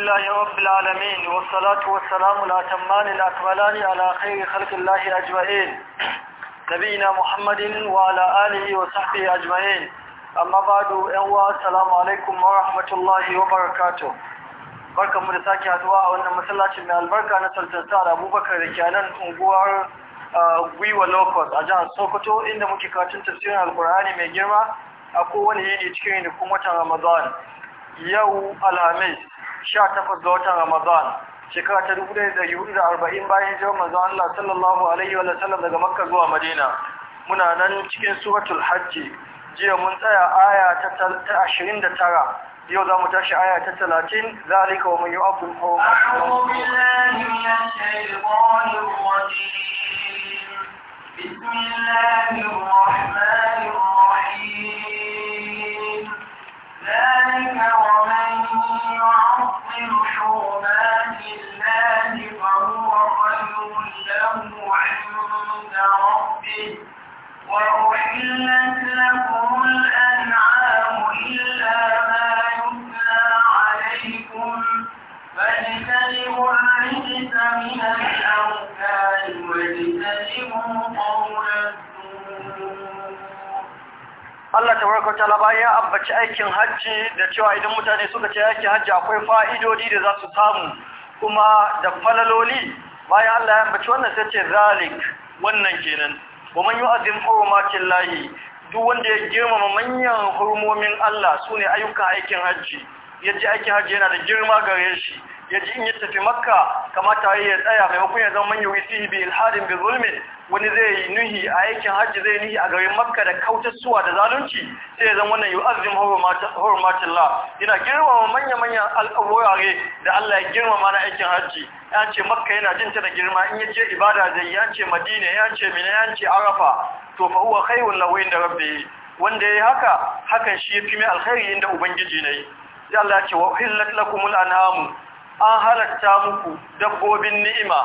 لله رب العالمين والصلاة والسلام الأتمان الأكملان على خير خلق الله أجمعين نبينا محمد وعلى آله وصحبه أجمعين أما بعد أهوى السلام عليكم ورحمة الله وبركاته mu da sake haduwa a wannan masallacin mai albarka na Sultan a Abubakar da ke nan unguwar Gwiwa Locust a jihar Sokoto inda muke karatun tafsirin Alkur'ani mai girma a kowane yini cikin yini kuma watan yau Alhamis 18 ga watan Ramadan shekara ta 1440 bayan hijirar manzon Allah sallallahu alaihi wa daga Makka zuwa Madina muna nan cikin suratul hajji, jiya mun tsaya aya ta 29 يو ذا متاشي آية 30 ذلك ومن يؤذن فهو أعوذ بالله من الشيطان الرجيم بسم الله الرحمن الرحيم ذلك ومن وأحلت لكم الأنعام إلا ما يتلى عليكم فاجتنبوا الرجس من الأوثان واجتنبوا قول Allah ta ta ta bayan ya ambaci aikin hajji da cewa idan mutane suka ce aikin hajji akwai fa'idodi da za su samu kuma da falaloli bayan Allah ya ambaci wannan sai ce zalik wannan kenan wa man yu'azzim hurumatil lahi duk wanda ya girmama manyan hurumomin Allah su ne ayyukan aikin hajji ya ji aikin hajji yana da girma gare shi ya ji in ya tafi makka kamata ya tsaya maimakon ya zama man yuri sihi bi ilhadin bi zulmin wani zai yi nuhi a aikin hajji zai nuhi a garin makka da kautar suwa da zalunci sai ya zama wannan yu'azzim hurmatin la yana girmama manya-manyan al'awurare da Allah ya girmama na aikin hajji ya ce makka yana jinta da girma in ya je ibada zai ya ce madina ya ce mina ya ce arafa to fa huwa khairun lahu da rabbi wanda yayi haka hakan shi yafi mai alkhairi inda ubangiji na yi. sai Allah ya ce wa uhillat lakumul an'am an halatta muku dabbobin ni'ima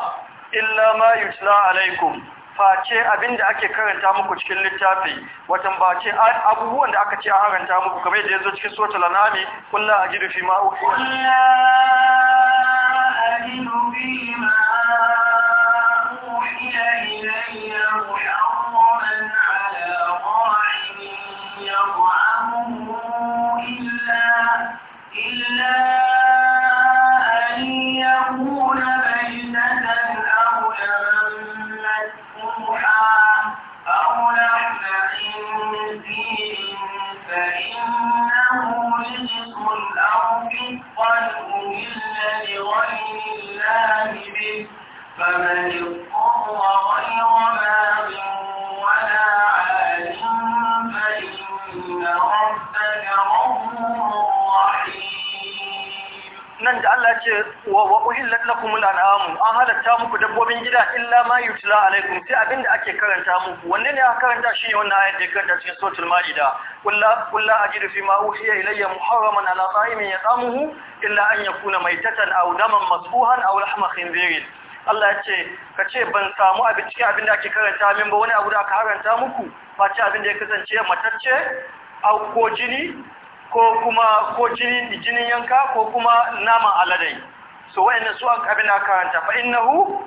illa ma yutla alaikum face abinda ake karanta muku cikin littafi watan bace abubuwan da aka ce an haranta muku kamar yadda yazo cikin suratul anami kullu ajidu fi ma ajidu ce wa uhillat lakum al an halatta muku dabbobin gida illa ma yutla alaikum sai abinda ake karanta muku wanne ne aka karanta shi ne wannan ayat da karanta cikin suratul maida kullu kullu ajidu fi ma uhiya ilayya muharraman ala ta'imin yatamuhu illa an yakuna maytatan aw daman masfuhan aw lahma khinzirin Allah ya ce ka ce ban samu abin cikin abinda ake karanta min ba wani abu da aka karanta muku face abinda ya kasance matacce ko jini ko kuma ko jini jinin yanka ko kuma naman aladai so wayannan su an abin da karanta fa innahu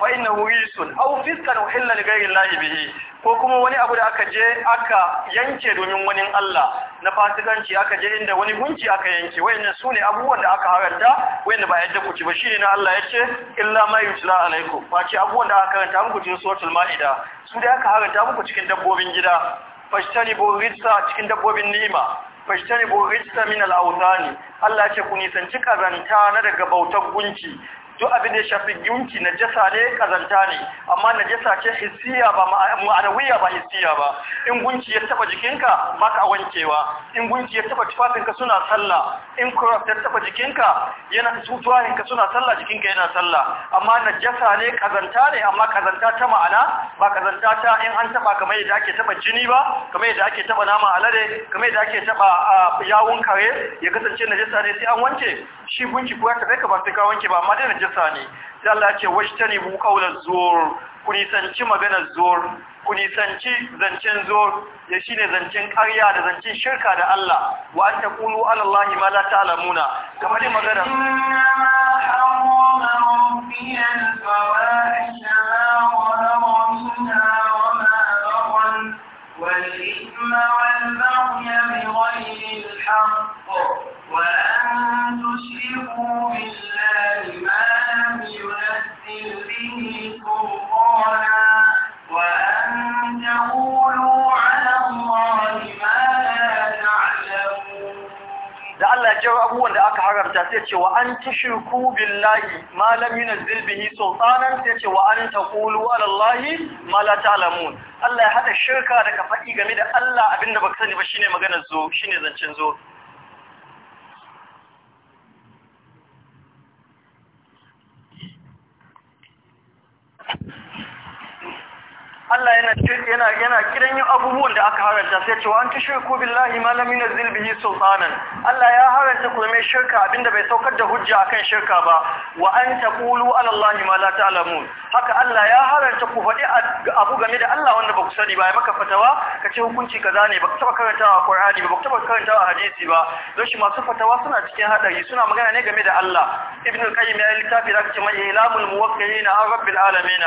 fa innahu yisun aw fiskan uhilla li ghayri llahi bihi ko kuma wani abu da aka je aka yanke domin wani Allah na fasikanci aka je inda wani gunki aka yanke su ne abubuwan da aka haranta wayanda ba yadda ku ci ba shine na Allah yace illa ma yusla alaikum fa ci abubuwan da aka karanta muku cikin suratul maida su da aka haranta muku cikin dabbobin gida fashtani bo ritsa cikin dabbobin ni'ima fashtani bu rijta min al-awthani Allah ce ku nisanci kazanta na daga bautar gunki duk abin da ya shafi yunki jasa ne kazanta ne amma na jasa ce hissiya ba ma'anawiya ba hissiya ba in gunki ya taba jikinka ka wankewa in gunki ya taba tufafinka suna sallah in kurof ya taba jikinka yana tutuwahinka suna sallah jikinka yana sallah amma na jasa ne kazanta ne amma kazanta ta ma'ana ba kazanta ta in an taba kamar yadda ake taba jini ba kamar yadda ake taba nama alade kamar yadda ake taba yawun kare ya kasance na jasa ne sai an wanke shi gunki ko ya taba ka ba sai ka wanke ba amma dai najasa mutane ne sai Allah ce washtani mu ku nisanci maganar zuwar, ku nisanci zancen zur ya ne zancen ƙarya da zancen shirka da Allah wa an taqulu ala Allah ma la ta'lamuna kamar dai magana والإثم Allah sai ce wa an tushriku billahi ma lam yunzil bihi sultanan sai ce wa an taqulu ala Allahi ma la ta'lamun Allah ya hada shirka da faɗi game da Allah abinda baka sani ba shine maganar zo shine zancen zo haramta sai cewa an ku billahi ma na yunzil bihi sultanan Allah ya haranta ku mai shirka abinda bai saukar da hujja akan shirka ba wa an taqulu ala Allah ma la ta'lamun haka Allah ya haramta ku faɗi abu game da Allah wanda ba ku sani ba ya maka fatawa Ka kace hukunci kaza ne ba ka taba karanta a Qur'ani ba ka taba karanta a hadisi ba don shi masu fatawa suna cikin hadari suna magana ne game da Allah ibn kayyim qayyim ya littafi da ce mai ilamul muwakkirin an rabbil alamin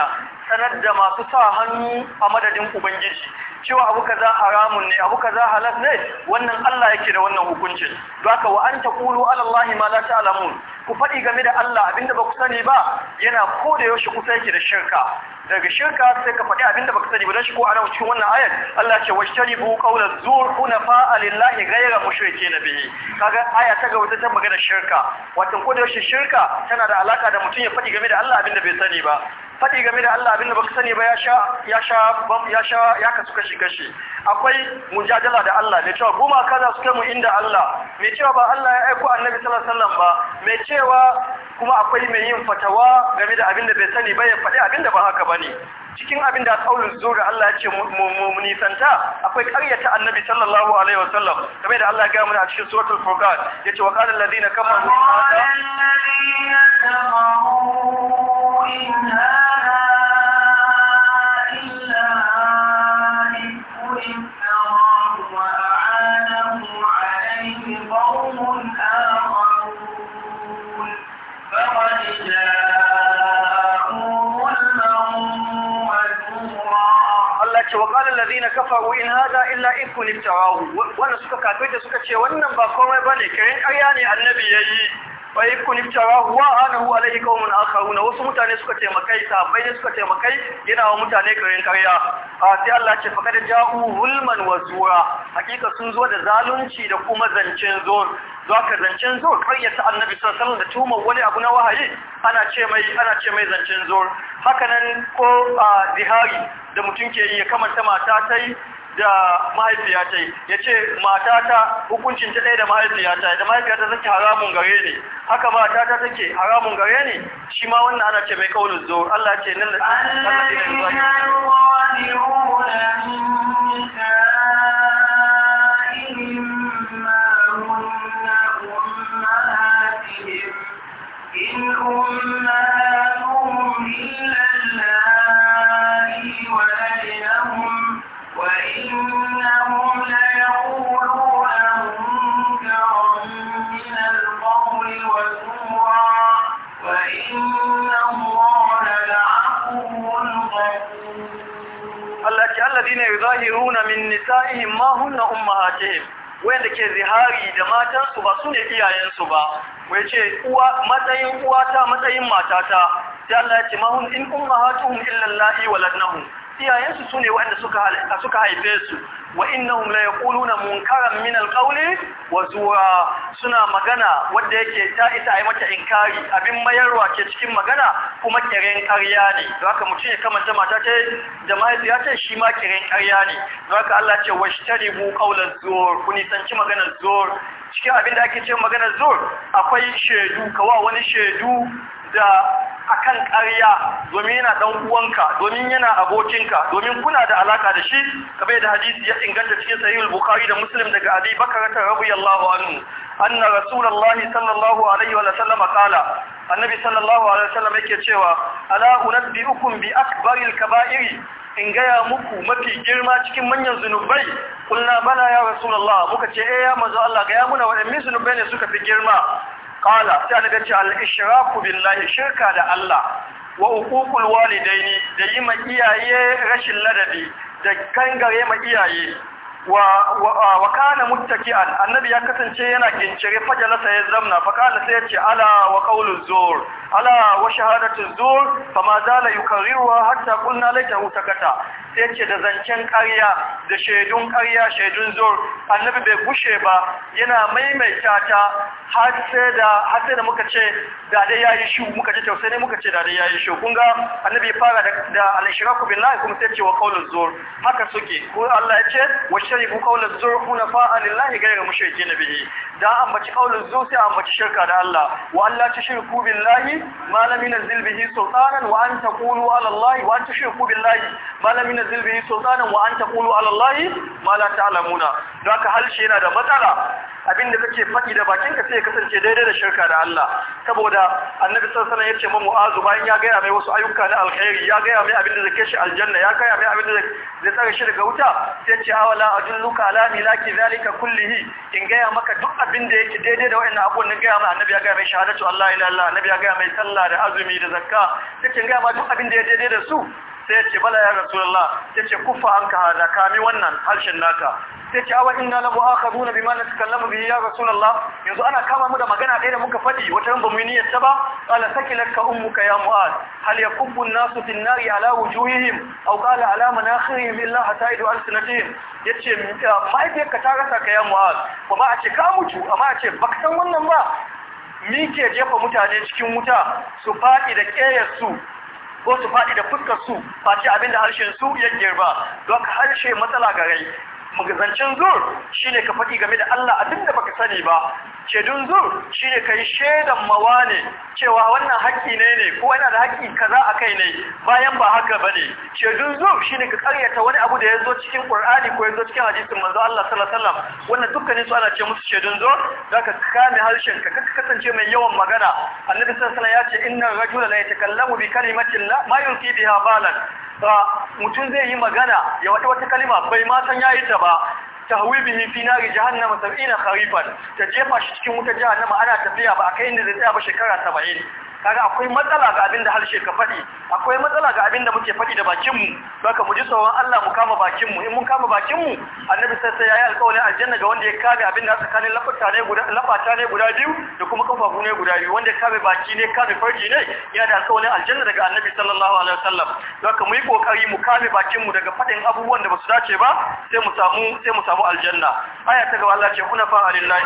sanar da masu sa hannu a madadin ubangiji cewa abu kaza haramun ne abu kaza halal ne wannan Allah yake da wannan hukuncin don ka wa an taqulu ala Allah ma la ta'lamun ku faɗi game da Allah abinda ba ku sani ba yana ko da yaushe kusa yake da shirka daga shirka sai ka faɗi abinda ba ku sani ba don shigo ko ana cikin wannan ayat Allah ce washtaribu qawla zur hunafa lillahi ghayra mushrikin bihi kaga aya ta ga wata ta magana shirka wato ko da yaushe shirka tana da alaka da mutum ya faɗi game da Allah abinda bai sani ba faɗi game da Allah abinda baka sani ba ya sha ya sha ya sha ya kasu kashi kashi akwai mujadala da Allah me cewa goma kaza suke mu inda Allah Me cewa ba Allah ya aiko annabi sallallahu alaihi wasallam ba Me cewa kuma akwai mai yin fatawa game da abinda bai sani ba ya faɗi abinda ba haka bane cikin abin da kaulin zuwa Allah ya ce mu nisanta akwai ƙaryata annabi sallallahu alaihi wasallam game da Allah ya gaya mana a cikin suratul furqan yace wa qala alladhina kafaru in kafaru in hada illa ifkun iftarahu wanda suka da suka ce wannan ba komai bane kirin ƙarya ne annabi ya yi. fa yakun iftarahu wa anahu alayhi qaumun akharuna wasu mutane suka taimakai bai ne suka taimakai yana wa mutane karin karya sai Allah ce faqad ja'u hulman wa zura hakika sun zo da zalunci da kuma zancen zo zaka zancen zo karyata annabi sallallahu alaihi wasallam da tuma wani abu na wahayi ana ce mai ana ce mai zancen ko dihari da mutum ke yi ya kamanta mata yi? da mahaifiyata ya ce matata hukuncin ta ɗaya da mahaifiyata da mahaifiyata ta take haramun gare ne haka matata take haramun gare ne shi ma wannan ana ce mai kaulin zo Allah ce nan da إن yuzahiruna min nisa'ihim ma hunna ummahatihim wanda ke zihari da matansu ba su ne iyayensu ba wai ce uwa matsayin uwata matsayin matata sai Allah ya ce ma hun in ummahatuhum illa allahi waladnahum iyayensu su ne waɗanda suka haife su wa innahum la yaquluna munkaran min alqawli wa zura suna magana wanda yake ta isa ai mata inkari abin mayarwa ke cikin magana kuma kiren karya ne don haka mutum ya kamanta mata ta da ya ta shi ma kiren ƙarya ne don haka Allah ce washtaribu qawlan zuwar ku nisanci maganar zuwar? cikin abin da ake ce maganar zuwar, akwai shaidu kawa wani shaidu da akan ƙarya domin yana dan uwanka domin yana abokinka domin kuna da alaka da shi bai da hadisi ya inganta cikin sahih al-bukhari da muslim daga abi bakr radiyallahu anhu anna rasulullahi sallallahu alaihi wa sallam qala annabi sallallahu alaihi wa sallam yake cewa ala unabbiukum bi akbaril kaba'iri in gaya muku mafi girma cikin manyan zunubai kulna bala ya rasulullah muka ce eh ya manzo Allah ga muna waɗannan zunubai ne suka fi girma qala sai daga ce al-ishraku billahi shirka da Allah wa uququl walidaini da yi ma iyaye rashin ladabi da kangare ma iyaye wa kana muttaki'an annabi ya kasance yana kincire fajalasa ya zamna fa kana sai ya ce ala wa qawlu zur ala wa shahadatu zur fa ma zala yukarriruha hatta qulna laitahu takata sai ce da zancen ƙarya da shaidun ƙarya shaidun zur annabi bai gushe ba yana maimaita ta har sai da har sai da muka ce da dai yayi shu muka ce tausayi ne muka ce da dai yayi shu kun ga annabi ya fara da al-ishraku billahi kuma sai ce wa qawlu zur haka suke ko Allah ya ce wa sharibu qawla zur hunafa lillahi ghayra mushrikin bihi da ambaci qawla zur sai ambaci shirka da Allah wa alla tushriku billahi ma lam yunzil bihi sultanan wa an taqulu ala Allah wa an tushriku billahi ma lam yunzil bihi sultanan wa an taqulu ala Allah ma la ta'lamuna haka halshe yana da matsala abin da kake faɗi da bakinka sai ya kasance daidai da shirka da Allah saboda annabi sallallahu alaihi wasallam ya ce mu'azu bayan ya gaya mai wasu ayyuka na alkhairi ya gaya mai abin da shi aljanna ya gaya mai abin da zai tsaga shi daga wuta sai ya ce awala ajulluka ala milaki zalika kullihi in gaya maka duk abin da yake daidai da wa'annan abubuwan da gaya mai annabi ya gaya mai shahadatu Allah ila Allah annabi ya gaya mai sallah da azumi da zakka sai ga gaya ma duk abin da ya daidai da su sai ya ce bala ya rasulullah ya ce kufa an ka hada kami wannan harshen naka sai ce awa inna la mu'akhaduna bima natakallamu bihi ya rasulullah yanzu ana kama mu da magana ɗaya da muka faɗi wata ran bamu yi niyyar ta ba qala sakilatka ummuka ya mu'az hal yakubbu an-nasu fi an-nari ala wujuhihim aw qala ala manakhirihim illa hataidu al-sinatihim yace mahaifiyarka ta rasa ka ya mu'az ba a ce ka mutu amma a ce baka san wannan ba ni ke jefa mutane cikin wuta su faɗi da ƙeyarsu ko su faɗi da fuskar su face abin da harshen su ya girba don harshe matsala ga rai magazancin zur ne ka faɗi game da Allah abin da baka sani ba shedun zur shine shaidan shaidan mawane cewa wannan haƙƙi ne ne ko yana da haƙƙi kaza a kai ne bayan ba haka ba bane shedun zur ne ka karyata wani abu da ya zo cikin Ƙur'ani ko ya zo cikin hadisin manzo Allah sallallahu alaihi wasallam wannan dukkanin su ana ce musu shedun zur ka kame harshen ka kasance mai yawan magana annabi sallallahu alaihi wasallam ya ce na rajula la yatakallamu bi kalimatin la ma yulqi biha balan mutum zai yi magana ya wata wata kalima bai matan ya yayi ta ba ta tahwibihi fi nari jahannama na kharifan ta jefa shi cikin wuta jihar nama, ana tafiya ba a akai da zai tsaya ba shekara 70 kaga akwai matsala ga abin da harshe ka faɗi akwai matsala ga abin da muke faɗi da bakinmu saka mu ji tsoron Allah mu kama mu in mun kama bakinmu annabi sai sai yayi alƙawarin aljanna ga wanda ya kabe abin da tsakanin lafata ne guda lafata ne guda biyu da kuma kafafu ne guda biyu wanda ya kame baki ne kame farji ne ya da alƙawarin aljanna daga annabi sallallahu alaihi wasallam saka mu yi kokari mu kame bakinmu daga faɗin abubuwan da basu dace ba sai mu samu sai mu samu aljanna aya ta ga Allah ce kuna fa alillahi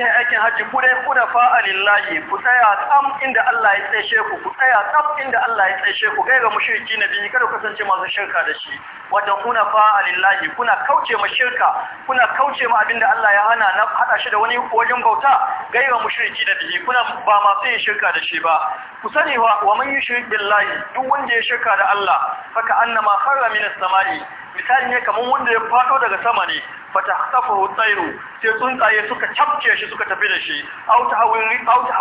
yin aikin hajji ku dai ku da ku tsaya tsam inda Allah ya tsaye ku ku tsaya tsam inda Allah ya tsaye ku gaira mushriki na biyu kada kasance masu shirka da shi wata kuna fa'alillahi kuna kauce ma shirka kuna kauce ma abinda Allah ya hana na hada shi da wani wajen bauta gaira mushriki na biyu kuna ba masu yin shirka da shi ba ku sani wa wa man yushrik billahi duk wanda ya shirka da Allah haka annama kharra minas samai misali ne kamar wanda ya fado daga sama ne fatahtafahu tsairu sai tsuntsaye suka cafke shi suka tafi da shi auta hawin auta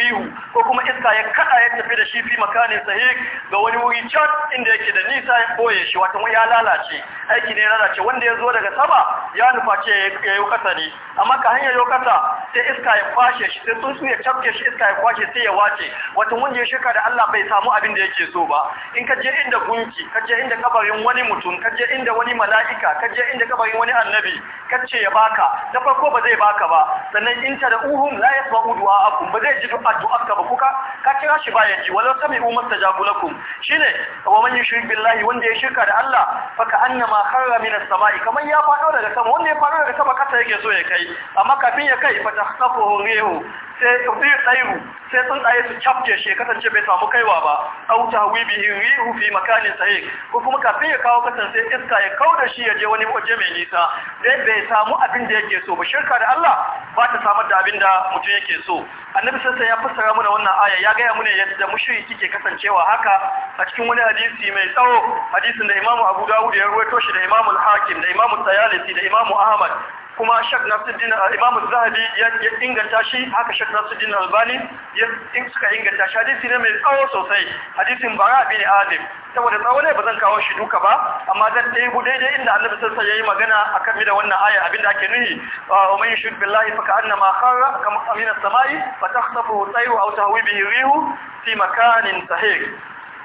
rihu ko kuma iska ya kada ya tafi da shi fi makanin sahi ga wani wuri can inda yake da nisa ya boye shi wato ya lalace aiki ne lalace wanda ya zo daga sama ya nufa ce ya yi kasa ne amma ka hanyar yau kasa sai iska ya kwashe shi sai tsuntsu ya cafke shi iska ya kwashe sai ya wace wato wani ya shirka da Allah bai samu abin da yake so ba in ka je inda gunki ka je inda kabarin wani mutum ka je inda wani mala'ika ka je inda kabarin wani annabi bi kace ya baka da farko ba zai baka ba sannan in ta da uhum la yasma'u du'a'akum ba zai ji du'a'aka ba kuka ka kira shi ba ji wala sami'u mustajabu lakum shine wa man yushrik billahi wanda ya shirka da Allah fa ka annama kharra min samai kamar ya fado daga sama wanda ya fado daga sama kasa yake so ya kai amma kafin ya kai fa tahsafuhu rihu sai zai tsayu sai sun tsaye su cafke shi kasance bai samu kaiwa ba auta wibi, rihu hufi makanin tsaye, ko kuma kafin ya kawo kasance iska ya da shi ya je wani waje mai nisa dai bai samu abin da yake so ba shirka da Allah ba ta samar da abin da mutum yake so annabi sai ya fassara mana wannan aya ya gaya mana yadda mushriki ke kasancewa haka a cikin wani hadisi mai tsawo hadisin da Imam Abu Dawud ya rawaito shi da Imam Al-Hakim da imamu Tayalisi da imamu Ahmad kuma shak al imam zahabi ya inganta shi haka shak nasuddin albani ya suka inganta shi hadisi ne mai tsawo sosai hadisin bara bin adim saboda tsawo ne ba zan kawo shi duka ba amma zan ɗaibu daidai inda annabi sassa ya yi magana a kan da wannan aya abinda ake nuhi wa man yushrik billahi fa ka'anna kharra kama amina samai fa takhsafu tayru aw tahwi bihi rihu fi makanin sahih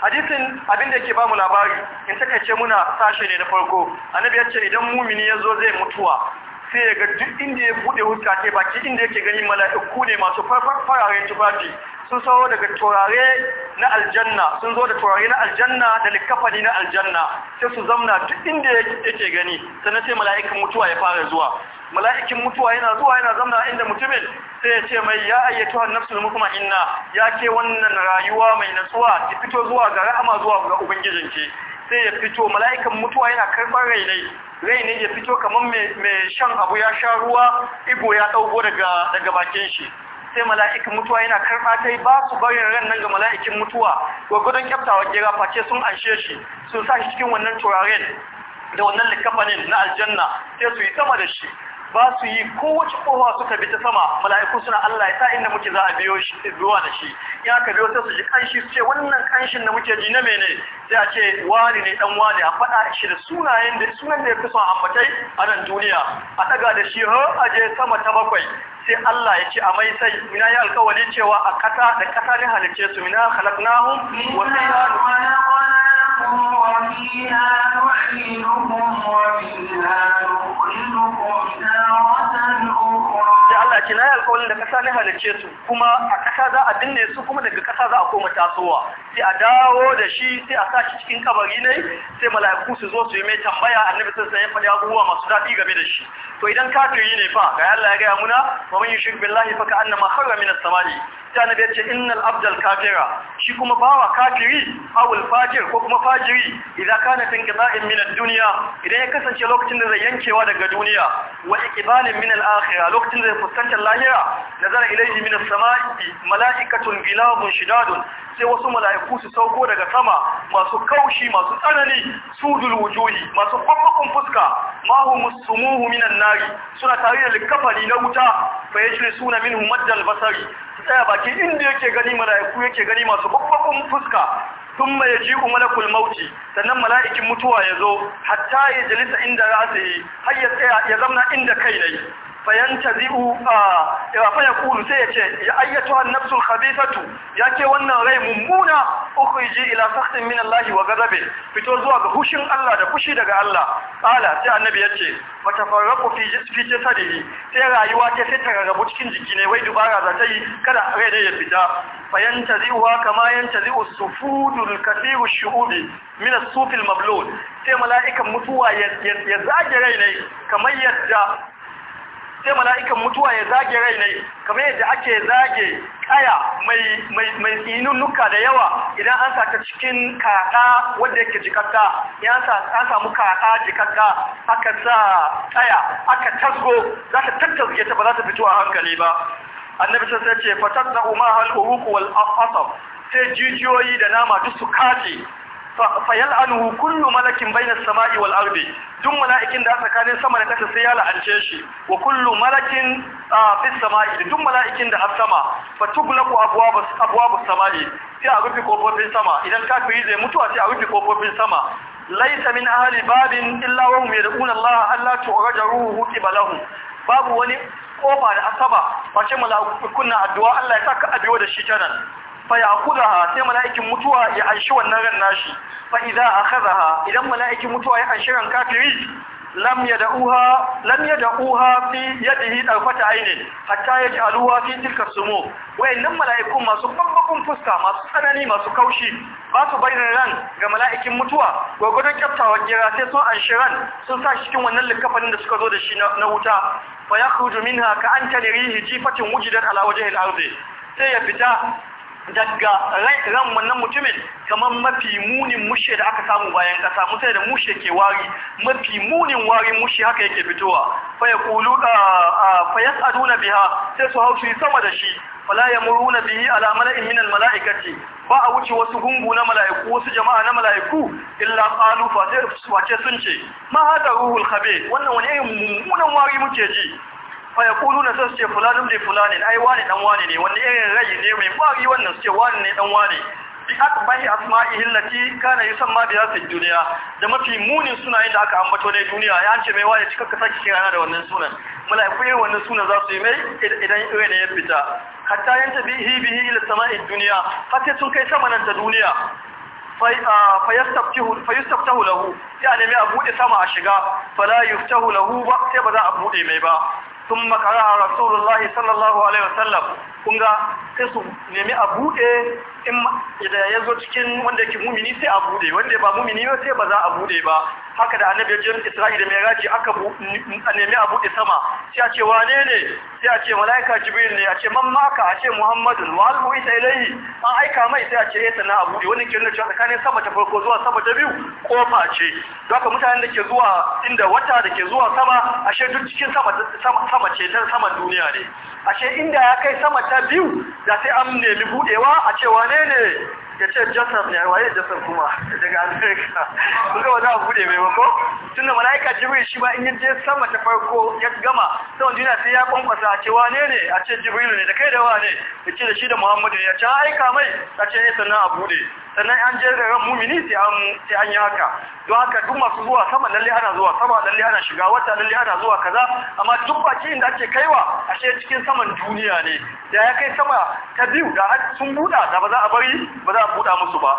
hadisin abin da yake ba mu labari in takaice muna sashe ne na farko annabi ya ce idan mumini ya zo zai mutuwa sai ga duk inda ya bude huska ce baki inda yake gani mala'iku ne masu farare tufafi sun sauro daga turare na aljanna sun zo da turare na aljanna da likafani na aljanna sai su zamna duk inda yake gani sannan sai mala'ikan mutuwa ya fara zuwa mala'ikin mutuwa yana zuwa yana zamna inda mutumin sai ya ce mai ya ayyatu an nafsul mutma'inna ya ke wannan rayuwa mai natsuwa ki fito zuwa ga rahama zuwa ga ubangijinki sai ya fito mala'ikan mutuwa yana karɓar rainai rainai ya fito kamar mai shan abu ya sha ruwa igo ya ɗauko daga bakin shi sai mala'ikan mutuwa yana karɓa ta yi ba su barin ran nan ga mala'ikin mutuwa gudun kyaftawa gera face sun anshe shi sun sa shi cikin wannan turaren da wannan likafanin na aljanna sai su yi sama da shi ba su yi kowace kowa suka bi ta sama mala'iku suna Allah ya sa inda muke za a biyo shi zuwa da shi ya kabi biyo su ji kanshi su ce wannan kanshin da muke ji na mene sai a ce wani ne dan wani a faɗa shi da sunayen da sunan da ya fi son ambatai a nan duniya a ɗaga da shi har a je sama ta bakwai sai Allah ya ce a mai sai mina yi alkawarin cewa a kasa da kasa ne halicce su mina halaknahum wa sai نخلقكم na yi da ƙasa ne halicce su kuma a ƙasa za a dinne su kuma daga ƙasa za a koma tasowa sai a dawo da shi sai a sashi cikin kabari ne sai mala'iku su zo su yi mai tambaya annabi sun sanya faɗi abubuwa masu daɗi game da shi to idan kafiri ne fa ga Allah ya gaya muna wa man yushrik billahi fa ka annama kharra min as-samai Mutane annabi ya ce innal abdal kafira shi kuma bawa kafiri awul fajir ko kuma fajiri idan kana fin qita'in min ad-dunya idan ya kasance lokacin da zai yankewa daga duniya wa iqbalin min al-akhirah lokacin da zai fuskantar lahira nazara ilayhi min as-sama'i mala'ikatun gilabun shidadun sai wasu mala'iku su sauko daga sama masu kaushi masu tsanani sudul wujuhi masu kwakwakon fuska mahu musumuhu minan nari suna tare da likafani na wuta fa yajlisuna minhu maddal basari tsaya baki, inda yake gani mala'iku yake gani masu babbakun fuska tun mai ji umarakul mauti sannan mala'ikin mutuwa ya zo hatta ya jalisa inda za su yi har ya tsaya ya zamna inda kai ne fayantazi'u a faya Kulu sai yace ya ayyato an-nafsul khabithatu ke wannan rai mummuna ukhriji ila sakhin min Allah wa ghadabi fito zuwa ga hushin Allah da kushi daga Allah qala sai annabi ya yace matafarraqu fi fi jasadihi sai rayuwa ta sai ta rarrabu cikin jiki ne wai dubara za ta yi kada rai dai ya fita fayantazi'uha kama zi'u sufudul kathiru shu'ubi min as-sufil mablud sai mala'ikan mutuwa ya zage rai ne kamar yadda sai mala'ikan mutuwa ya zage rai ne kamar yadda ake zage kaya mai tsinunuka da yawa idan an sa cikin kaka wadda yake jikakka ya an samu kaka jikakka aka sa kaya aka tasgo za ta tattaske ta ba za ta fito a hankali ba annabi sai ce na umar hal uruku asaf sai jijiyoyi da nama duk su kaji fayal'anuhu kullu malakin bainas sama'i wal ardi duk mala'ikin da tsakanin sama da kasa sai ya la'ance shi wa kullu malakin fis sama'i da duk mala'ikin da a sama fa tughlaqu abwabus sama'i sai a rufe kofofin sama idan kafiri zai mutu sai a rufe kofofin sama laysa min ahli babin illa wa hum yad'una Allah alla tu'raja ruhu qibalahum babu wani kofa da asaba face mala'ikun na addu'a Allah ya saka addu'a da shi tanan fa ya'khudha sai mala'ikin mutuwa ya anshi wannan ran nashi fa idza akhadha idan mala'ikin mutuwa ya anshi ran kafiri lam yad'uha lam yad'uha fi yadihi tarfata aynin hatta yaj'aluha fi tilka sumu wayannan mala'ikun masu babbakun fuska masu tsanani masu kaushi ba su bayyana ran ga mala'ikin mutuwa gwagwadon kyaftawan gira sai sun anshi ran sun sa shi cikin wannan likafanin da suka zo da shi na wuta fa yakhruju minha ka anta rihi jifatin wujidat ala wajhi al-ardi sai ya fita daga ran wannan mutumin kamar mafi munin mushe da aka samu bayan kasa mutai da mushe ke wari mafi munin wari mushe haka yake fitowa fa Aduna fa yasaduna biha sai su hausu sama da shi fala yamuruna bihi ala mala'in min mala'ikati. ba a wuce wasu gungu na mala'iku wasu jama'a na mala'iku illa qalu fa sai sun ce ma hada ruhul Kabe, wannan wani irin mummunan wari muke ji fayakulu na sai su ce fulanun da fulani ai wani dan wani ne wanda irin rai ne mai kwari wannan su ce wani ne dan wani bi bai asma'i, hillati kana yusamma bi fi duniya da mafi munin suna da aka ambato ne duniya ya ce mai waye cikakka ka saki kirana da wannan sunan mala'iku irin wannan sunan za su yi mai idan irin ne ya fita hatta yanta bihi bihi ila sama'i duniya hatta sun kai sama nan ta duniya fayastaftahu lahu ya nemi a buɗe sama a shiga fala yuftahu lahu ba sai ba za a buɗe mai ba ثم قرأ رسول الله صلى الله عليه وسلم Kunga sai su nemi a bude idan ya zo cikin wanda ke mumini sai a bude wanda ba mumini ba sai ba za a bude ba haka da annabi jin isra'i da miraji aka nemi a bude sama sai a ce wane ne sai a ce malaika jibril ne a ce man maka a ce muhammadun wa alhu ita ilayhi an aika mai sai a ce yasa eh, na a buɗe wani ke nuna cewa tsakanin sama ta farko zuwa sama ta biyu kofa ce don haka mutanen da ke zuwa inda wata da ke zuwa sama ashe duk cikin sama ce ta saman duniya ne ashe inda ya kai sama ta biyu da sai an nemi budewa a cewa ne ne ya ce ne ne waye joseph kuma daga amerika ga wani abu ne mai tun da mala'ika jibril shi ma in je sama ta farko ya gama sai duniya sai ya kwankwasa a ce wane ne a ce jibril ne da kai da wane ya ce da shi da muhammadu ya ce aika mai eh, a ce ya sannan abu ne sannan an je ga mumini sai an yi haka don haka duk masu zuwa sama lalle ana zuwa sama lalle ana shiga wata lalle ana zuwa kaza amma duk baki inda ake kaiwa ashe cikin saman duniya ne da ya kai sama ta biyu da sun buɗa da ba za a bari ba za a buɗa musu ba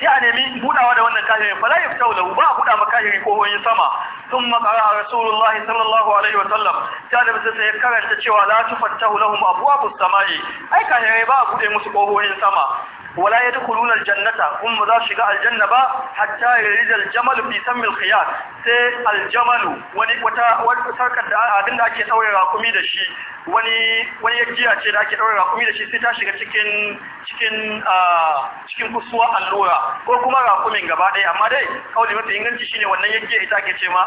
sai a nemi buɗawa da wannan kafirin fala ya fita lahu ba buɗa ma ko wani sama sun makara a rasulullahi sallallahu alaihi wa sallam ta da bisa sai karanta cewa la tufattahu lahum abwabu samai ai kafirai ba a buɗe musu wani sama wala yadkhuluna aljannata kun mu za shiga aljanna ba hatta yarijal jamal fi samil khiyat sai aljamalu wani wata wata sarkar da abin da ake daure rakumi da shi wani wani yajiya ce da ake daure rakumi da shi sai ta shiga cikin cikin cikin kusuwa allura ko kuma rakumin gaba ɗaya amma dai kauli mafi inganci shine wannan yajiya ita ake ce ma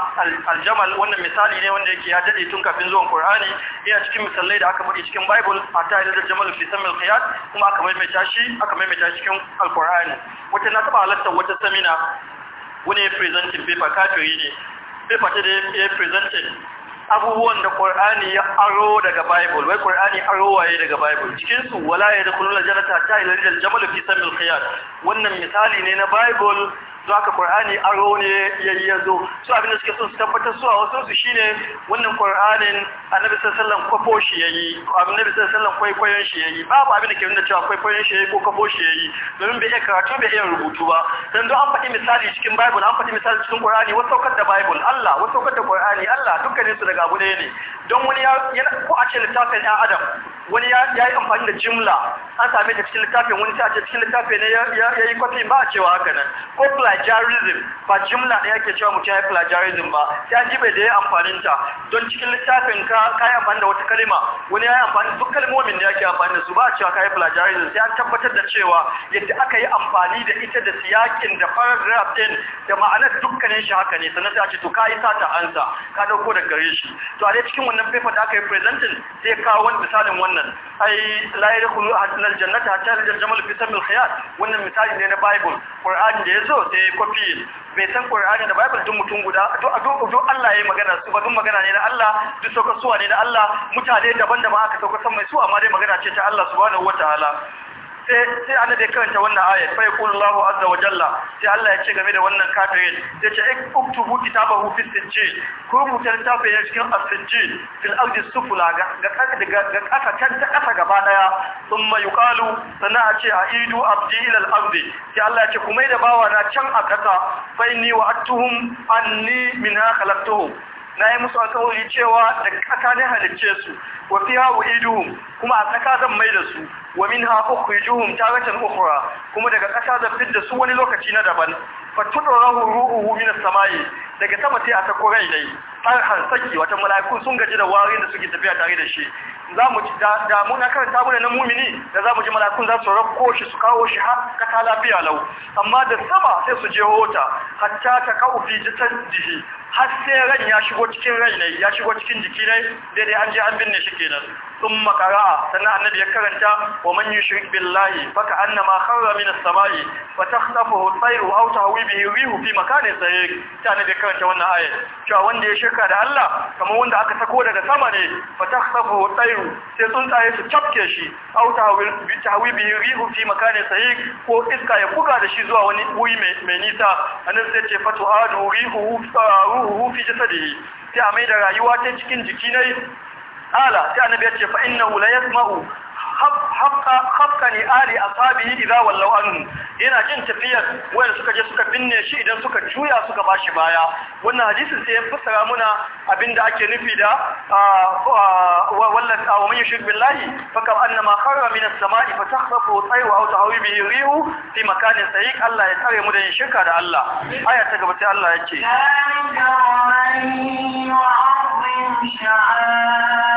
aljamal wannan misali ne wanda yake ya dade tun kafin zuwan qur'ani yana cikin misalai da aka bude cikin bible hatta yarijal jamal fi samil khiyat kuma aka maimaita shi aka maimaita takaita cikin alkur'ani wata na taba halartar wata samina wani ya presenting paper kafiri ne paper ta da ya presenting abubuwan da ƙur'ani ya aro daga bible wai ƙurani aro waye daga bible cikinsu wala ya da kullu janata ta ilal jamalu fi samun khiyar wannan misali ne na bible don haka qur'ani aro ne yayyazo su abin da suke sun tabbatar su a wasu su shine wannan qur'anin annabi sallallahu alaihi wasallam kwafo shi ya yayi annabi sallallahu alaihi wasallam kwaikwayon shi ya yayi babu abin da ke nuna cewa kwaikwayon shi ya yi ko kwafo shi ya yi domin bai iya karatu bai iya rubutu ba don don an faɗi misali cikin bible an faɗi misali cikin ƙwar'ani wasu saukar da bible Allah wasu saukar da ƙwar'ani Allah dukkanin su daga abu ɗaya ne don wani ya ko a ce littafin ɗan adam wani ya yi amfani da jimla an same ta cikin littafin wani ta ce cikin littafin ne ya yi kwafi ba a cewa haka nan ko plagiarism ba jimla da yake cewa mutum ya plagiarism ba sai an jibe da ya amfani ta don cikin littafin ka kai amfani da wata kalma wani ya yi amfani duk kalmomin da yake amfani da su ba a cewa kai plagiarism sai an tabbatar da cewa yadda aka yi amfani da ita da siyakin da paragraph din da ma'anar dukkanin shi haka ne sannan sai a ce to ka yi sata ansa ka dauko da gare shi to a dai cikin wannan paper da aka yi presenting sai kawo wani misalin wannan ai la yadkhulu hatta al-jannata ta al-jamal fi samil wannan misali ne na bible qur'ani da yazo sai mai kwafi mai san ƙwararri da Bible duk mutum guda duk Allah ya yi magana su ba duk magana ne na Allah duk sauka suwa ne na Allah mutane daban-daban aka sauka san mai su amma dai magana ce ta Allah su wata wataala sai annabi ya karanta wannan ayat fa yaqulu Allahu azza wa jalla sai Allah ya ce game da wannan kafirin sai ce iktubu kitabahu fi sijjin ko rubuta littafin ya cikin as-sijjin fil ardi sufla ga ga kasa can ta kasa gaba daya thumma yuqalu sana a ce aidu abdi ila al-ardi sai Allah ya ce kuma da bawa na can a kasa fa inni wa atuhum anni min khalaqtuhum na yi musu alkawari cewa da ƙasa ne halicce su wa fiha uiduhum kuma a tsaka zan mai da su wa minha ukhrijuhum taratan ukhra kuma daga ƙasa zan fidda su wani lokaci na daban fatudrahu ru'uhu min as-sama'i daga sama sai a sako rai dai har har saki wata mala'iku sun gaji da warin da suke tafiya tare da shi za mu da mu na karanta mu na mumini da za mu ji mala'ikun za su rakko shi su kawo shi har lafiya lau amma da sama sai su je hota hatta ta kau fi jihi har sai ran ya shigo cikin rai ne ya shigo cikin jiki ne daidai an je an binne shi kenan sun makara sannan annabi ya karanta wa man yushrik billahi faka annama kharra min as-samai wa takhlafuhu tayru aw tahwi bihi rihu fi makane sayyid ta annabi ya karanta wannan ayat cewa wanda ya shirka da Allah kamar wanda aka sako daga sama ne fa takhlafuhu tayru sai sun tsaye su cafke shi aw tahwi bihi rihu fi makane sayyid ko iska ya buga da shi zuwa wani wuri mai nisa annabi sai ce fa tu'adu rihu fa ruhu fi jasadihi sai a mai da rayuwa ta cikin jiki nai qala sai annabi ya ce fa innahu la yasma'u hafka ni ali ashabihi idza wallaw anhu yana jin tafiyar wanda suka je suka binne shi idan suka juya suka bashi baya wannan hadisin sai ya fassara muna abinda ake nufi da wallan wa man yushrik billahi faka annama kharra min as-sama'i fa takhrafu tayru aw tahawi bihi rihu fi makanin sahiq Allah ya tsare mu da yin shirka da Allah aya ta gaba sai Allah yake ya man yu'azzim sha'a